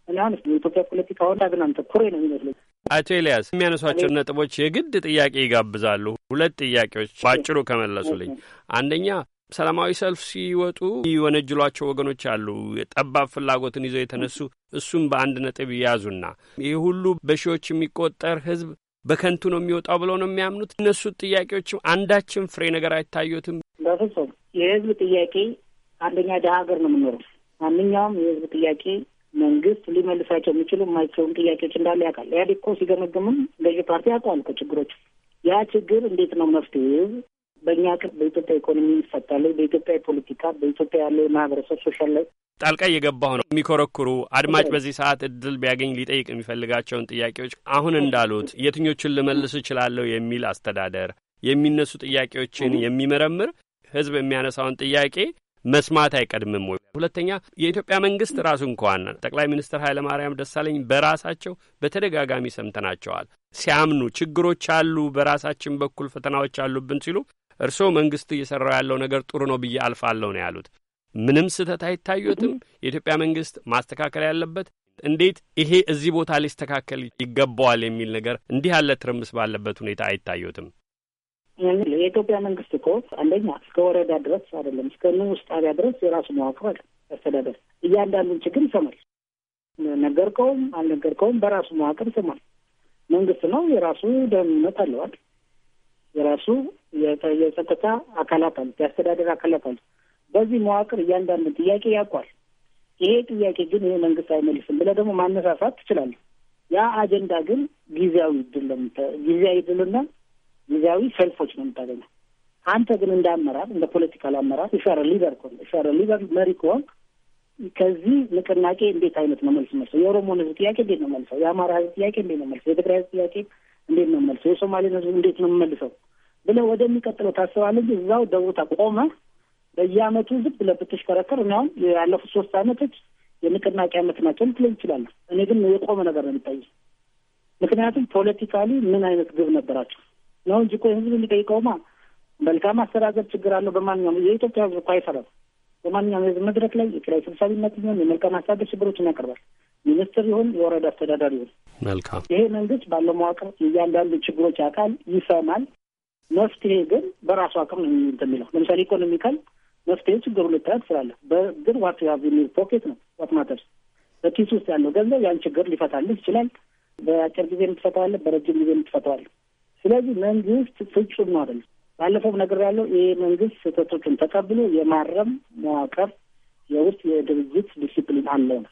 እኔ አሁን የኢትዮጵያ ፖለቲካ አሁን አብናን ኩሬ ነው የሚመስለኝ። አቶ ኤልያስ የሚያነሷቸው ነጥቦች የግድ ጥያቄ ይጋብዛሉ። ሁለት ጥያቄዎች በአጭሩ ከመለሱልኝ፣ አንደኛ ሰላማዊ ሰልፍ ሲወጡ የወነጅሏቸው ወገኖች አሉ። ጠባብ ፍላጎትን ይዘው የተነሱ እሱም በአንድ ነጥብ ይያዙና ይህ ሁሉ በሺዎች የሚቆጠር ህዝብ በከንቱ ነው የሚወጣው ብለው ነው የሚያምኑት። እነሱ ጥያቄዎች አንዳችም ፍሬ ነገር አይታዩትም። በፍጹም የህዝብ ጥያቄ አንደኛ ደሀ ሀገር ነው የምኖረው። ማንኛውም የህዝብ ጥያቄ መንግስት ሊመልሳቸው የሚችሉ የማይቸውን ጥያቄዎች እንዳለ ያውቃል። ኢህአዴግ እኮ ሲገመግምም ገዢ ፓርቲ ያውቀዋል እኮ ችግሮች። ያ ችግር እንዴት ነው መፍትሄ በእኛ ቅር በኢትዮጵያ ኢኮኖሚ ይፈታል፣ በኢትዮጵያ የፖለቲካ በኢትዮጵያ ያለው የማህበረሰብ ሶሻል ላይ ጣልቃ እየገባሁ ነው የሚኮረኩሩ አድማጭ በዚህ ሰዓት እድል ቢያገኝ ሊጠይቅ የሚፈልጋቸውን ጥያቄዎች አሁን እንዳሉት የትኞቹን ልመልስ እችላለሁ የሚል አስተዳደር የሚነሱ ጥያቄዎችን የሚመረምር ህዝብ የሚያነሳውን ጥያቄ መስማት አይቀድምም ወይ? ሁለተኛ የኢትዮጵያ መንግስት ራሱ እንኳን ጠቅላይ ሚኒስትር ኃይለ ማርያም ደሳለኝ በራሳቸው በተደጋጋሚ ሰምተናቸዋል ሲያምኑ ችግሮች አሉ፣ በራሳችን በኩል ፈተናዎች አሉብን ሲሉ እርስዎ መንግስት እየሰራው ያለው ነገር ጥሩ ነው ብዬ አልፋለሁ ነው ያሉት። ምንም ስህተት አይታዩትም? የኢትዮጵያ መንግስት ማስተካከል ያለበት እንዴት ይሄ እዚህ ቦታ ሊስተካከል ይገባዋል የሚል ነገር እንዲህ ያለ ትርምስ ባለበት ሁኔታ አይታዩትም? የኢትዮጵያ መንግስት እኮ አንደኛ እስከ ወረዳ ድረስ አይደለም እስከ ንዑስ ጣቢያ ድረስ የራሱ መዋቅር አለ። አስተዳደር እያንዳንዱን ችግር ይሰማል። ነገርከውም አልነገርከውም በራሱ መዋቅር ይሰማል። መንግስት ነው። የራሱ ደህንነት አለዋል። የራሱ የጸጥታ አካላት አሉት። የአስተዳደር አካላት አሉት። በዚህ መዋቅር እያንዳንዱን ጥያቄ ያውቋል። ይሄ ጥያቄ ግን ይሄ መንግስት አይመልስም ብለህ ደግሞ ማነሳሳት ትችላለህ። ያ አጀንዳ ግን ጊዜያዊ ድል ጊዜያዊ ድልና ጊዜያዊ ሰልፎች ነው የምታገኘው። አንተ ግን እንደ አመራር እንደ ፖለቲካል አመራር የሻረ ሊደር ከሆነ የሻረ ሊደር መሪ ከሆን ከዚህ ንቅናቄ እንዴት አይነት ነው መልስ መልሰው? የኦሮሞን ህዝብ ጥያቄ እንዴት ነው መልሰው? የአማራ ህዝብ ጥያቄ እንዴት ነው መልሰው? የትግራይ ህዝብ ጥያቄ እንዴት ነው መልሰው? የሶማሌን ህዝብ እንዴት ነው መልሰው ብለህ ወደሚቀጥለው ታስባለህ እንጂ እዛው ደቡታ ቆመ በየአመቱ ዝብ ለብትሽከረከር ብትሽከረከር ያለፉት ሶስት አመቶች የንቅናቄ አመት ናቸው ልትለኝ ይችላለ። እኔ ግን የቆመ ነገር ነው የሚታየኝ። ምክንያቱም ፖለቲካሊ ምን አይነት ግብ ነበራቸው? ነው እንጂ እኮ ህዝብ የሚጠይቀውማ መልካም አስተዳደር ችግር አለው። በማንኛውም የኢትዮጵያ ህዝብ እኮ አይሰራም። በማንኛውም የህዝብ መድረክ ላይ የኪራይ ሰብሳቢነት ሆን የመልካም አስተዳደር ችግሮችን ያቀርባል። ሚኒስትር ይሁን የወረዳ አስተዳዳሪ ይሁን መልካም ይሄ መንግስት ባለው መዋቅር እያንዳንዱ ችግሮች አካል ይሰማል። መፍትሄ ግን በራሱ አቅም ነው የሚለው። ለምሳሌ ኢኮኖሚካል መፍትሄ ችግሩ ልታያት ትችላለህ። በግን ዋት ሀቭ የሚል ፖኬት ነው ዋት ማተርስ። በኪስ ውስጥ ያለው ገንዘብ ያን ችግር ሊፈታልህ ይችላል። በአጭር ጊዜ የምትፈታዋለህ፣ በረጅም ጊዜ የምትፈታዋለህ። ስለዚህ መንግስት ፍጹም ነው አይደለም። ባለፈው ነገር ያለው ይህ መንግስት ስህተቶቹን ተቀብሎ የማረም መዋቅር የውስጥ የድርጅት ዲስፕሊን አለው ነው።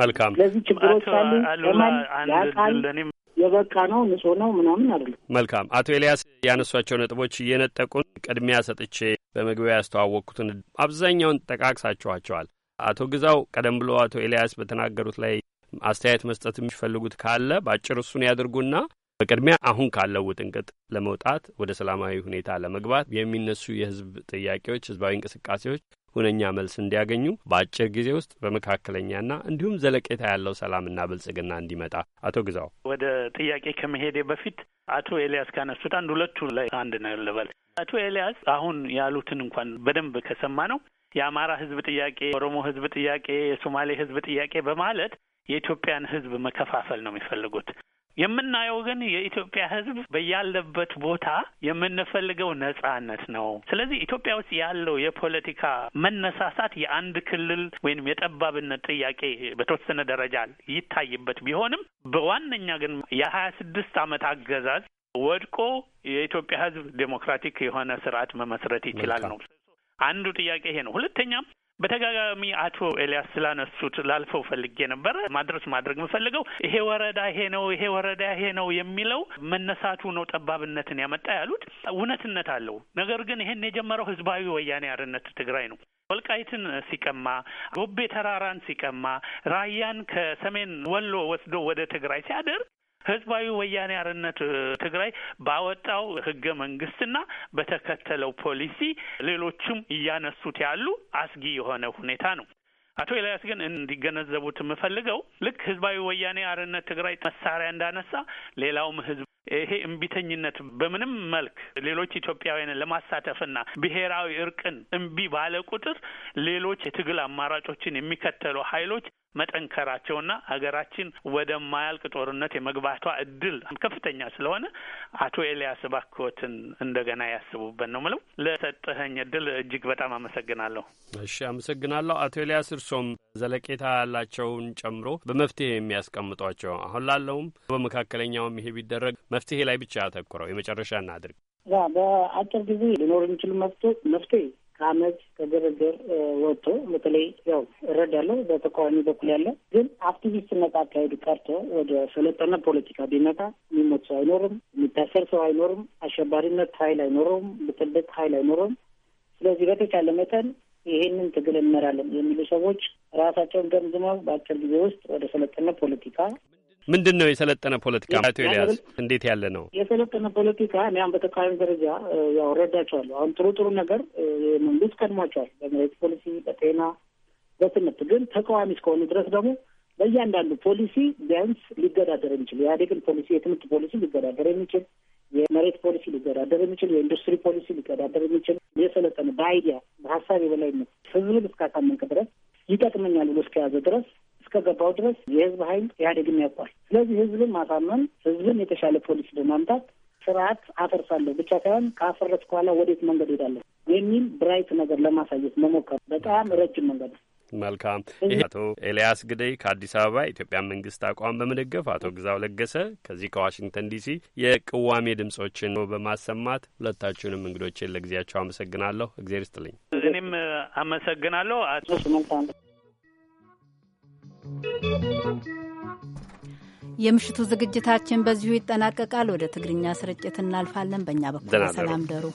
መልካም። ስለዚህ ችግሮች አሉ ያቃል የበቃ ነው ንጹህ ነው ምናምን አይደለም። መልካም። አቶ ኤልያስ ያነሷቸው ነጥቦች እየነጠቁን ቅድሚያ ሰጥቼ በመግቢያ ያስተዋወቅኩትን አብዛኛውን ጠቃቅሳችኋቸዋል። አቶ ግዛው ቀደም ብሎ አቶ ኤልያስ በተናገሩት ላይ አስተያየት መስጠት የሚፈልጉት ካለ በአጭር እሱን ያድርጉና በቅድሚያ አሁን ካለው ውጥንቅጥ ለመውጣት ወደ ሰላማዊ ሁኔታ ለመግባት የሚነሱ የህዝብ ጥያቄዎች፣ ህዝባዊ እንቅስቃሴዎች ሁነኛ መልስ እንዲያገኙ በአጭር ጊዜ ውስጥ በመካከለኛና እንዲሁም ዘለቄታ ያለው ሰላምና ብልጽግና እንዲመጣ አቶ ግዛው ወደ ጥያቄ ከመሄዴ በፊት አቶ ኤልያስ ካነሱት አንድ ሁለቱ ላይ አንድ ነው ልበል። አቶ ኤልያስ አሁን ያሉትን እንኳን በደንብ ከሰማ ነው የአማራ ህዝብ ጥያቄ፣ የኦሮሞ ህዝብ ጥያቄ፣ የሶማሌ ህዝብ ጥያቄ በማለት የኢትዮጵያን ህዝብ መከፋፈል ነው የሚፈልጉት። የምናየው ግን የኢትዮጵያ ሕዝብ በያለበት ቦታ የምንፈልገው ነጻነት ነው። ስለዚህ ኢትዮጵያ ውስጥ ያለው የፖለቲካ መነሳሳት የአንድ ክልል ወይም የጠባብነት ጥያቄ በተወሰነ ደረጃ ይታይበት ቢሆንም በዋነኛ ግን የሀያ ስድስት ዓመት አገዛዝ ወድቆ የኢትዮጵያ ሕዝብ ዴሞክራቲክ የሆነ ስርዓት መመስረት ይችላል ነው አንዱ ጥያቄ ይሄ ነው። ሁለተኛም በተጋጋሚ አቶ ኤልያስ ስላነሱት ላልፈው ፈልጌ ነበረ። ማድረስ ማድረግ የምፈልገው ይሄ ወረዳ ይሄ ነው ይሄ ወረዳ ይሄ ነው የሚለው መነሳቱ ነው ጠባብነትን ያመጣ ያሉት እውነትነት አለው። ነገር ግን ይሄን የጀመረው ህዝባዊ ወያኔ አርነት ትግራይ ነው። ወልቃይትን ሲቀማ፣ ጎቤ ተራራን ሲቀማ፣ ራያን ከሰሜን ወሎ ወስዶ ወደ ትግራይ ሲያደርግ ህዝባዊ ወያኔ አርነት ትግራይ ባወጣው ህገ መንግስትና በተከተለው ፖሊሲ ሌሎችም እያነሱት ያሉ አስጊ የሆነ ሁኔታ ነው። አቶ ኤልያስ ግን እንዲገነዘቡት የምፈልገው ልክ ህዝባዊ ወያኔ አርነት ትግራይ መሳሪያ እንዳነሳ ሌላውም ህዝብ ይሄ እምቢተኝነት በምንም መልክ ሌሎች ኢትዮጵያውያንን ለማሳተፍና ብሔራዊ እርቅን እምቢ ባለ ቁጥር ሌሎች የትግል አማራጮችን የሚከተሉ ኃይሎች መጠንከራቸውና ሀገራችን ወደማያልቅ ጦርነት የመግባቷ እድል ከፍተኛ ስለሆነ አቶ ኤልያስ እባክዎትን እንደገና ያስቡበት ነው ምለው። ለሰጠኸኝ እድል እጅግ በጣም አመሰግናለሁ። እሺ፣ አመሰግናለሁ አቶ ኤልያስ እርሶም ዘለቄታ ያላቸውን ጨምሮ በመፍትሄ የሚያስቀምጧቸው አሁን ላለውም በመካከለኛውም ይሄ ቢደረግ መፍትሄ ላይ ብቻ ያተኩረው የመጨረሻ እናድርግ። ያ በአጭር ጊዜ ሊኖር የሚችሉ መፍትሄ ከአመት ከግርግር ወጥቶ በተለይ ያው እረዳለሁ በተቃዋሚ በኩል ያለ ግን አክቲቪስትነት አካሄዱ ቀርቶ ወደ ሰለጠነ ፖለቲካ ቢመጣ የሚሞት ሰው አይኖርም፣ የሚታሰር ሰው አይኖርም፣ አሸባሪነት ኃይል አይኖረውም፣ ብጥብጥ ኃይል አይኖረውም። ስለዚህ በተቻለ መጠን ይህንን ትግል እንመራለን የሚሉ ሰዎች ራሳቸውን ገምዝመው በአጭር ጊዜ ውስጥ ወደ ሰለጠነ ፖለቲካ ምንድን ነው የሰለጠነ ፖለቲካ? አቶ ኤልያስ እንዴት ያለ ነው የሰለጠነ ፖለቲካ? እኒያም በተቃዋሚ ደረጃ ያው ረዳቸዋለሁ። አሁን ጥሩ ጥሩ ነገር መንግስት ቀድሟቸዋል፣ በመሬት ፖሊሲ፣ በጤና በትምህርት። ግን ተቃዋሚ እስከሆኑ ድረስ ደግሞ በእያንዳንዱ ፖሊሲ ቢያንስ ሊገዳደር የሚችል የአዴግን ፖሊሲ የትምህርት ፖሊሲ ሊገዳደር የሚችል የመሬት ፖሊሲ ሊገዳደር የሚችል የኢንዱስትሪ ፖሊሲ ሊገዳደር የሚችል የሰለጠነ በአይዲያ በሀሳብ የበላይነት ህዝብን እስካሳመንክ ድረስ ይጠቅመኛል ብሎ እስከያዘ ድረስ እስከገባው ድረስ የህዝብ ሀይል ኢህአዴግም ያውቋል። ስለዚህ ህዝብን ማሳመን ህዝብን የተሻለ ፖሊሲ በማምጣት ስርዓት አፈርሳለሁ ብቻ ሳይሆን ካፈረስኩ በኋላ ወዴት መንገድ ሄዳለሁ የሚል ብራይት ነገር ለማሳየት መሞከር በጣም ረጅም መንገድ ነው። መልካም። ይሄ አቶ ኤልያስ ግደይ ከአዲስ አበባ የኢትዮጵያ መንግስት አቋም በመደገፍ አቶ ግዛው ለገሰ ከዚህ ከዋሽንግተን ዲሲ የቅዋሜ ድምጾችን በማሰማት ሁለታችሁንም እንግዶችን ለጊዜያቸው አመሰግናለሁ። እግዜር ይስጥልኝ። እኔም አመሰግናለሁ። የምሽቱ ዝግጅታችን በዚሁ ይጠናቀቃል። ወደ ትግርኛ ስርጭት እናልፋለን። በእኛ በኩል ሰላም ደሩ።